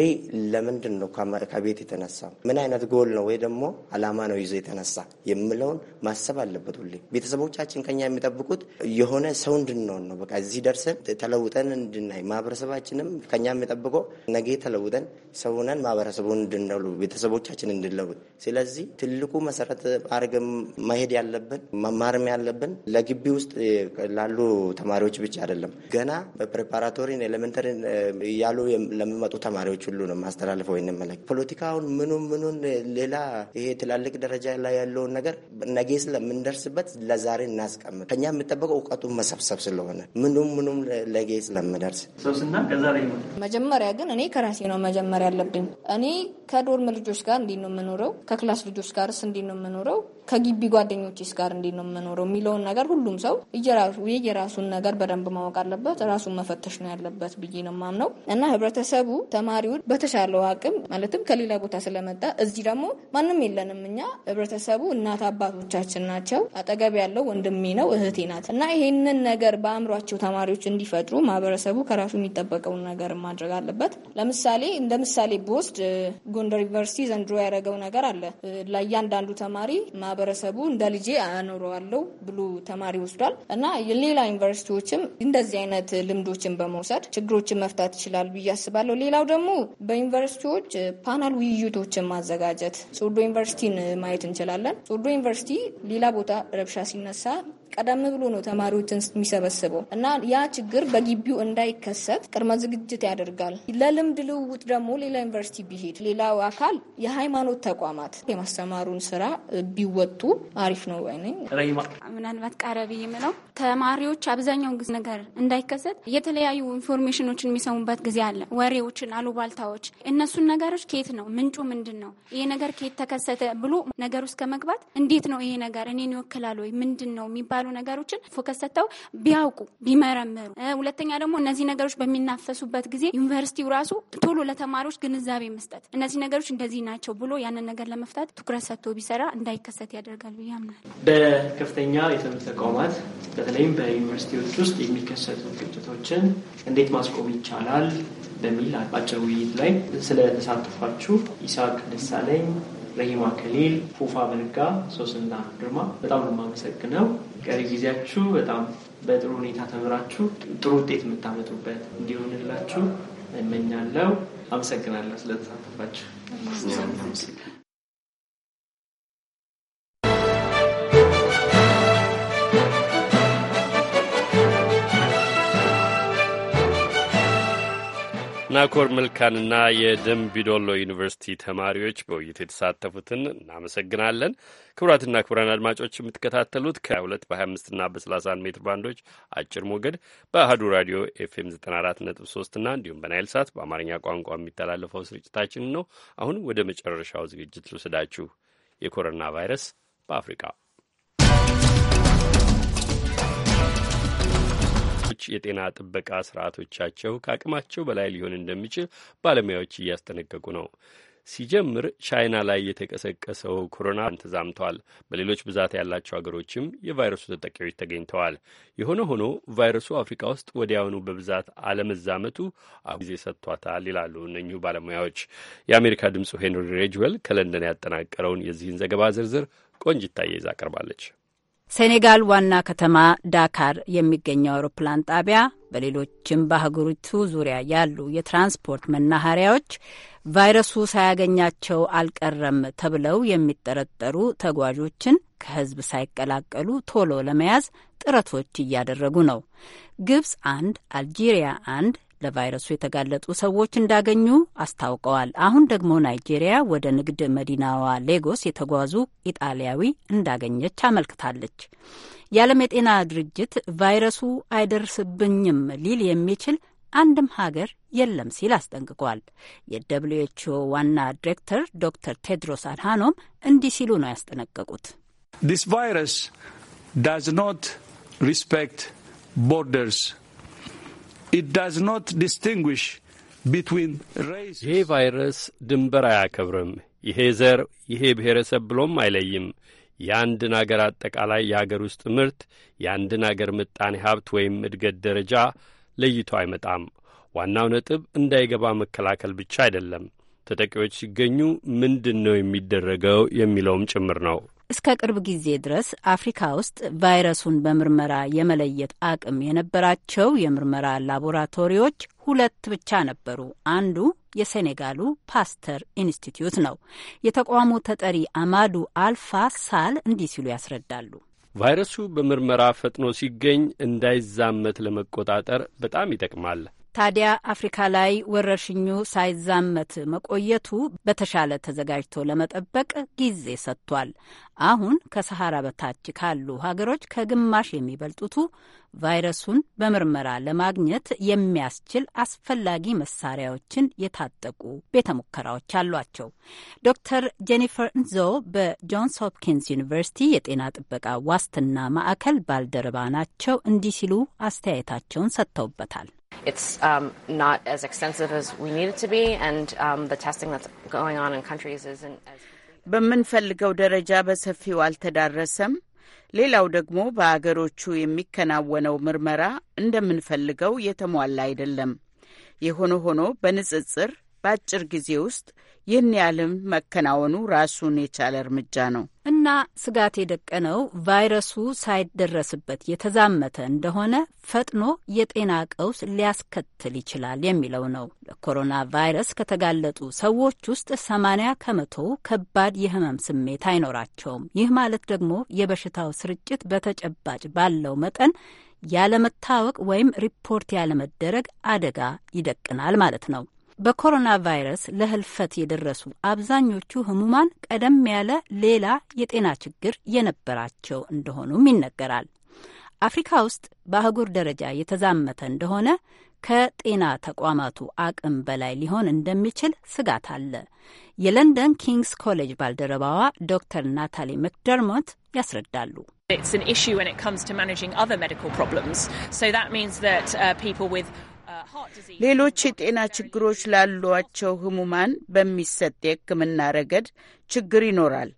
ለምንድን ነው ከቤት የተነሳ ምን አይነት ጎል ነው ወይ ደግሞ አላማ ነው ይዞ የተነሳ የምለውን ማሰብ አለበት። ሁሌ ቤተሰቦቻችን ከኛ የሚጠብቁት የሆነ ሰው እንድንሆን ነው። በቃ እዚህ ደርሰን ተለውጠን እንድናይ፣ ማህበረሰባችንም ከኛ የሚጠብቀው ነገ ተለውጠን ሰውነን ማህበረሰቡን እንድንሉ፣ ቤተሰቦቻችን እንድንለውጥ። ስለዚህ ትልቁ መሰረት አድርገን መሄድ ያለብን መማርም ያለብን ለግቢ ውስጥ ላሉ ተማሪዎች ብቻ አይደለም። ገና በፕሬፓራቶሪን ኤሌመንተሪ እያሉ ለሚመጡ ተማሪዎች ሁሉ ነው ማስተላልፈው ይንመለክ ፖለቲካውን ምኑን ምኑን ሌላ ይሄ ትላልቅ ደረጃ ላይ ያለውን ነገር ነገ ስለምንደርስበት ለዛሬ እናስቀምጥ። ከኛ የምጠበቀው እውቀቱ መሰብሰብ ስለሆነ ምኑም ምኑም ለጌ ስለምደርስ መጀመሪያ ግን እኔ ከራሴ ነው መጀመሪያ ያለብኝ። እኔ ከዶርም ልጆች ጋር እንዲ ነው የምኖረው፣ ከክላስ ልጆች ጋርስ እንዲ ነው የምኖረው ከግቢ ጓደኞችስ ጋር እንዴት ነው የምኖረው የሚለውን ነገር ሁሉም ሰው የየራሱን ነገር በደንብ ማወቅ አለበት፣ ራሱን መፈተሽ ነው ያለበት ብዬ ነው የማምነው እና ህብረተሰቡ ተማሪውን በተሻለው አቅም ማለትም ከሌላ ቦታ ስለመጣ እዚህ ደግሞ ማንም የለንም እኛ ህብረተሰቡ እናት አባቶቻችን ናቸው። አጠገብ ያለው ወንድሜ ነው እህቴ ናት እና ይሄንን ነገር በአእምሯቸው ተማሪዎች እንዲፈጥሩ ማህበረሰቡ ከራሱ የሚጠበቀውን ነገር ማድረግ አለበት። ለምሳሌ እንደ ምሳሌ ብወስድ ጎንደር ዩኒቨርሲቲ ዘንድሮ ያደረገው ነገር አለ ለእያንዳንዱ ተማሪ ተማሪ ማህበረሰቡ እንደ ልጄ አኖረዋለሁ ብሎ ተማሪ ወስዷል እና ሌላ ዩኒቨርሲቲዎችም እንደዚህ አይነት ልምዶችን በመውሰድ ችግሮችን መፍታት ይችላል ብዬ አስባለሁ። ሌላው ደግሞ በዩኒቨርሲቲዎች ፓናል ውይይቶችን ማዘጋጀት ሶዶ ዩኒቨርሲቲን ማየት እንችላለን። ሶዶ ዩኒቨርሲቲ ሌላ ቦታ ረብሻ ሲነሳ ቀደም ብሎ ነው ተማሪዎችን የሚሰበስበው እና ያ ችግር በግቢው እንዳይከሰት ቅድመ ዝግጅት ያደርጋል። ለልምድ ልውውጥ ደግሞ ሌላ ዩኒቨርሲቲ ቢሄድ፣ ሌላው አካል የሃይማኖት ተቋማት የማስተማሩን ስራ ቢወጡ አሪፍ ነው። ወይ ምናልባት ቀረብ የምለው ተማሪዎች አብዛኛውን ጊዜ ነገር እንዳይከሰት የተለያዩ ኢንፎርሜሽኖችን የሚሰሙበት ጊዜ አለ። ወሬዎችን፣ አሉባልታዎች፣ እነሱን ነገሮች ኬት ነው ምንጩ ምንድን ነው ይሄ ነገር ኬት ተከሰተ ብሎ ነገር ውስጥ ከመግባት እንዴት ነው ይሄ ነገር እኔን ይወክላል ወይ ምንድን ነው የሚባል የሚባሉ ነገሮችን ፎከስ ሰጥተው ቢያውቁ ቢመረምሩ፣ ሁለተኛ ደግሞ እነዚህ ነገሮች በሚናፈሱበት ጊዜ ዩኒቨርሲቲው ራሱ ቶሎ ለተማሪዎች ግንዛቤ መስጠት እነዚህ ነገሮች እንደዚህ ናቸው ብሎ ያንን ነገር ለመፍታት ትኩረት ሰጥቶ ቢሰራ እንዳይከሰት ያደርጋል ብዬ አምናለሁ። በከፍተኛ የትምህርት ተቋማት በተለይም በዩኒቨርሲቲዎች ውስጥ የሚከሰቱ ግጭቶችን እንዴት ማስቆም ይቻላል በሚል አጭር ውይይት ላይ ስለተሳተፋችሁ ይሳቅ ደሳለኝ ረሂማ ከሊል፣ ፉፋ በንጋ፣ ሶስና ግርማ በጣም የማመሰግነው። ቀሪ ጊዜያችሁ በጣም በጥሩ ሁኔታ ተምራችሁ ጥሩ ውጤት የምታመጡበት እንዲሆንላችሁ እመኛለሁ። አመሰግናለሁ ስለተሳተፋችሁ። ናኮር መልካንና የደምቢዶሎ ዩኒቨርሲቲ ተማሪዎች በውይይት የተሳተፉትን እናመሰግናለን። ክቡራትና ክቡራን አድማጮች የምትከታተሉት ከ22 በ25ና በ31 ሜትር ባንዶች አጭር ሞገድ በአህዱ ራዲዮ ኤፍኤም 94.3 እና እንዲሁም በናይል ሳት በአማርኛ ቋንቋ የሚተላለፈው ስርጭታችን ነው። አሁን ወደ መጨረሻው ዝግጅት ልውሰዳችሁ። የኮሮና ቫይረስ በአፍሪካ ሌሎች የጤና ጥበቃ ስርዓቶቻቸው ከአቅማቸው በላይ ሊሆን እንደሚችል ባለሙያዎች እያስጠነቀቁ ነው። ሲጀምር ቻይና ላይ የተቀሰቀሰው ኮሮና ተዛምቷል። በሌሎች ብዛት ያላቸው አገሮችም የቫይረሱ ተጠቂዎች ተገኝተዋል። የሆነ ሆኖ ቫይረሱ አፍሪካ ውስጥ ወዲያውኑ በብዛት አለመዛመቱ ጊዜ ሰጥቷታል ይላሉ እነኚሁ ባለሙያዎች። የአሜሪካ ድምፅ ሄንሪ ሬጅዌል ከለንደን ያጠናቀረውን የዚህን ዘገባ ዝርዝር ቆንጅታ ይዛ ቀርባለች። ሴኔጋል ዋና ከተማ ዳካር የሚገኘው አውሮፕላን ጣቢያ በሌሎችም በአህጉሪቱ ዙሪያ ያሉ የትራንስፖርት መናኸሪያዎች ቫይረሱ ሳያገኛቸው አልቀረም ተብለው የሚጠረጠሩ ተጓዦችን ከህዝብ ሳይቀላቀሉ ቶሎ ለመያዝ ጥረቶች እያደረጉ ነው። ግብፅ አንድ፣ አልጄሪያ አንድ፣ ለቫይረሱ የተጋለጡ ሰዎች እንዳገኙ አስታውቀዋል። አሁን ደግሞ ናይጄሪያ ወደ ንግድ መዲናዋ ሌጎስ የተጓዙ ኢጣሊያዊ እንዳገኘች አመልክታለች። የዓለም የጤና ድርጅት ቫይረሱ አይደርስብኝም ሊል የሚችል አንድም ሀገር የለም ሲል አስጠንቅቋል። የደብሊው ኤች ኦ ዋና ዲሬክተር ዶክተር ቴድሮስ አድሃኖም እንዲህ ሲሉ ነው ያስጠነቀቁት። ዲስ ቫይረስ ዳዝ ኖት ሪስፔክት ቦርደርስ It does not ይሄ ቫይረስ ድንበር አያከብርም። ይሄ ዘር፣ ይሄ ብሔረሰብ ብሎም አይለይም። የአንድን አገር አጠቃላይ የአገር ውስጥ ምርት፣ የአንድን አገር ምጣኔ ሀብት ወይም እድገት ደረጃ ለይቶ አይመጣም። ዋናው ነጥብ እንዳይገባ መከላከል ብቻ አይደለም፣ ተጠቂዎች ሲገኙ ምንድን ነው የሚደረገው የሚለውም ጭምር ነው። እስከ ቅርብ ጊዜ ድረስ አፍሪካ ውስጥ ቫይረሱን በምርመራ የመለየት አቅም የነበራቸው የምርመራ ላቦራቶሪዎች ሁለት ብቻ ነበሩ። አንዱ የሴኔጋሉ ፓስተር ኢንስቲትዩት ነው። የተቋሙ ተጠሪ አማዱ አልፋ ሳል እንዲህ ሲሉ ያስረዳሉ። ቫይረሱ በምርመራ ፈጥኖ ሲገኝ እንዳይዛመት ለመቆጣጠር በጣም ይጠቅማል። ታዲያ አፍሪካ ላይ ወረርሽኙ ሳይዛመት መቆየቱ በተሻለ ተዘጋጅቶ ለመጠበቅ ጊዜ ሰጥቷል። አሁን ከሰሃራ በታች ካሉ ሀገሮች ከግማሽ የሚበልጡቱ ቫይረሱን በምርመራ ለማግኘት የሚያስችል አስፈላጊ መሳሪያዎችን የታጠቁ ቤተ ሙከራዎች አሏቸው። ዶክተር ጄኒፈር እንዞ በጆንስ ሆፕኪንስ ዩኒቨርሲቲ የጤና ጥበቃ ዋስትና ማዕከል ባልደረባ ናቸው። እንዲህ ሲሉ አስተያየታቸውን ሰጥተውበታል። it's um, not as extensive as we need it to be, and um, the testing that's going on in countries isn't as. በምንፈልገው ደረጃ በሰፊው አልተዳረሰም። ሌላው ደግሞ በአገሮቹ የሚከናወነው ምርመራ እንደምንፈልገው የተሟላ አይደለም። የሆነ ሆኖ በንጽጽር በአጭር ጊዜ ውስጥ ይህን ያህልም መከናወኑ ራሱን የቻለ እርምጃ ነው እና ስጋት የደቀነው ቫይረሱ ሳይደረስበት የተዛመተ እንደሆነ ፈጥኖ የጤና ቀውስ ሊያስከትል ይችላል የሚለው ነው። ለኮሮና ቫይረስ ከተጋለጡ ሰዎች ውስጥ ሰማንያ ከመቶ ከባድ የህመም ስሜት አይኖራቸውም። ይህ ማለት ደግሞ የበሽታው ስርጭት በተጨባጭ ባለው መጠን ያለመታወቅ ወይም ሪፖርት ያለመደረግ አደጋ ይደቅናል ማለት ነው። በኮሮና ቫይረስ ለህልፈት የደረሱ አብዛኞቹ ህሙማን ቀደም ያለ ሌላ የጤና ችግር የነበራቸው እንደሆኑም ይነገራል። አፍሪካ ውስጥ በአህጉር ደረጃ የተዛመተ እንደሆነ ከጤና ተቋማቱ አቅም በላይ ሊሆን እንደሚችል ስጋት አለ። የለንደን ኪንግስ ኮሌጅ ባልደረባዋ ዶክተር ናታሊ መክደርሞት ያስረዳሉ። ሌሎች የጤና ችግሮች ላሏቸው ህሙማን በሚሰጥ የህክምና ረገድ ችግር ይኖራል።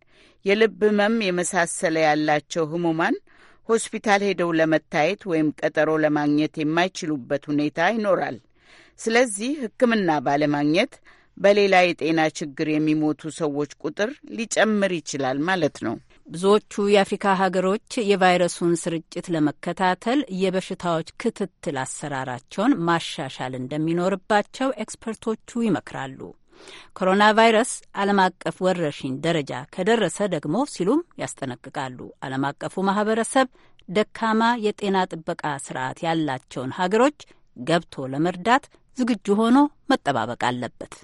የልብ ህመም የመሳሰለ ያላቸው ህሙማን ሆስፒታል ሄደው ለመታየት ወይም ቀጠሮ ለማግኘት የማይችሉበት ሁኔታ ይኖራል። ስለዚህ ህክምና ባለማግኘት በሌላ የጤና ችግር የሚሞቱ ሰዎች ቁጥር ሊጨምር ይችላል ማለት ነው። ብዙዎቹ የአፍሪካ ሀገሮች የቫይረሱን ስርጭት ለመከታተል የበሽታዎች ክትትል አሰራራቸውን ማሻሻል እንደሚኖርባቸው ኤክስፐርቶቹ ይመክራሉ። ኮሮና ቫይረስ ዓለም አቀፍ ወረርሽኝ ደረጃ ከደረሰ ደግሞ ሲሉም ያስጠነቅቃሉ። ዓለም አቀፉ ማህበረሰብ ደካማ የጤና ጥበቃ ስርዓት ያላቸውን ሀገሮች ገብቶ ለመርዳት ዝግጁ ሆኖ መጠባበቅ አለበት።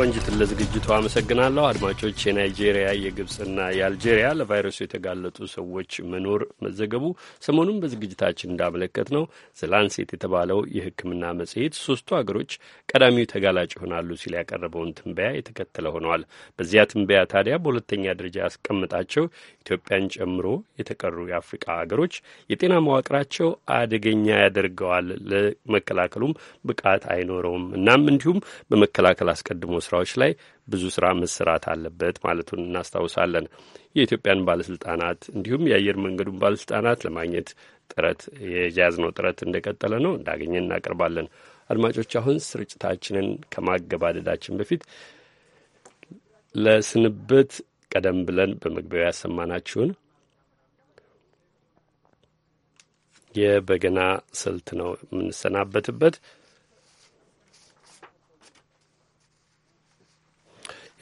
ቆንጅትን ለዝግጅቱ አመሰግናለሁ። አድማጮች የናይጄሪያ የግብፅና የአልጄሪያ ለቫይረሱ የተጋለጡ ሰዎች መኖር መዘገቡ ሰሞኑን በዝግጅታችን እንዳመለከት ነው ዘላንሴት የተባለው የሕክምና መጽሔት ሶስቱ አገሮች ቀዳሚው ተጋላጭ ይሆናሉ ሲል ያቀረበውን ትንበያ የተከተለ ሆነዋል። በዚያ ትንበያ ታዲያ በሁለተኛ ደረጃ ያስቀምጣቸው ኢትዮጵያን ጨምሮ የተቀሩ የአፍሪቃ አገሮች የጤና መዋቅራቸው አደገኛ ያደርገዋል፣ ለመከላከሉም ብቃት አይኖረውም። እናም እንዲሁም በመከላከል አስቀድሞ ስራዎች ላይ ብዙ ስራ መሰራት አለበት ማለቱን እናስታውሳለን። የኢትዮጵያን ባለስልጣናት እንዲሁም የአየር መንገዱን ባለስልጣናት ለማግኘት ጥረት የያዝነው ጥረት እንደቀጠለ ነው። እንዳገኘን እናቀርባለን። አድማጮች፣ አሁን ስርጭታችንን ከማገባደዳችን በፊት ለስንብት ቀደም ብለን በመግቢያው ያሰማናችሁን የበገና ስልት ነው የምንሰናበትበት።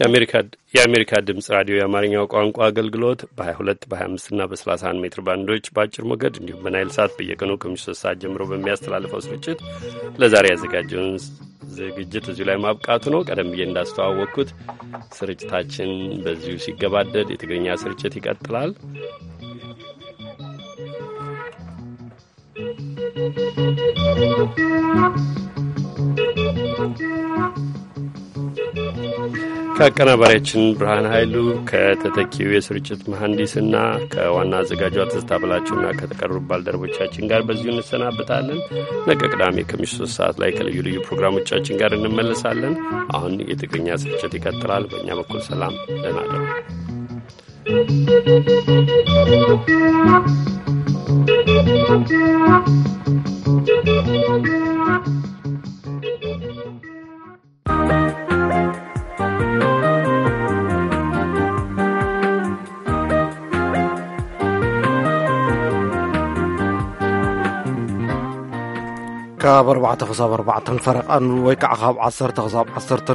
የአሜሪካ ድምፅ ራዲዮ የአማርኛው ቋንቋ አገልግሎት በ22 በ25ና በ31 ሜትር ባንዶች በአጭር ሞገድ እንዲሁም በናይል ሰዓት በየቀኑ ከምሽቱ ሶስት ሰዓት ጀምሮ በሚያስተላልፈው ስርጭት ለዛሬ ያዘጋጀውን ዝግጅት እዚሁ ላይ ማብቃቱ ነው። ቀደም ብዬ እንዳስተዋወቅኩት ስርጭታችን በዚሁ ሲገባደድ የትግርኛ ስርጭት ይቀጥላል። Thank you. ከአቀናባሪያችን ብርሃን ኃይሉ ከተተኪው የስርጭት መሐንዲስና ከዋና አዘጋጇ ትዝታ ብላችሁና ከተቀሩ ባልደረቦቻችን ጋር በዚሁ እንሰናብታለን። ነገ ቅዳሜ ከምሽቱ ሶስት ሰዓት ላይ ከልዩ ልዩ ፕሮግራሞቻችን ጋር እንመለሳለን። አሁን የትግርኛ ስርጭት ይቀጥላል። በእኛ በኩል ሰላም፣ Thank you. كبربعة خصاب أربعة فرق أن ويكع خاب عصر تخصاب عصر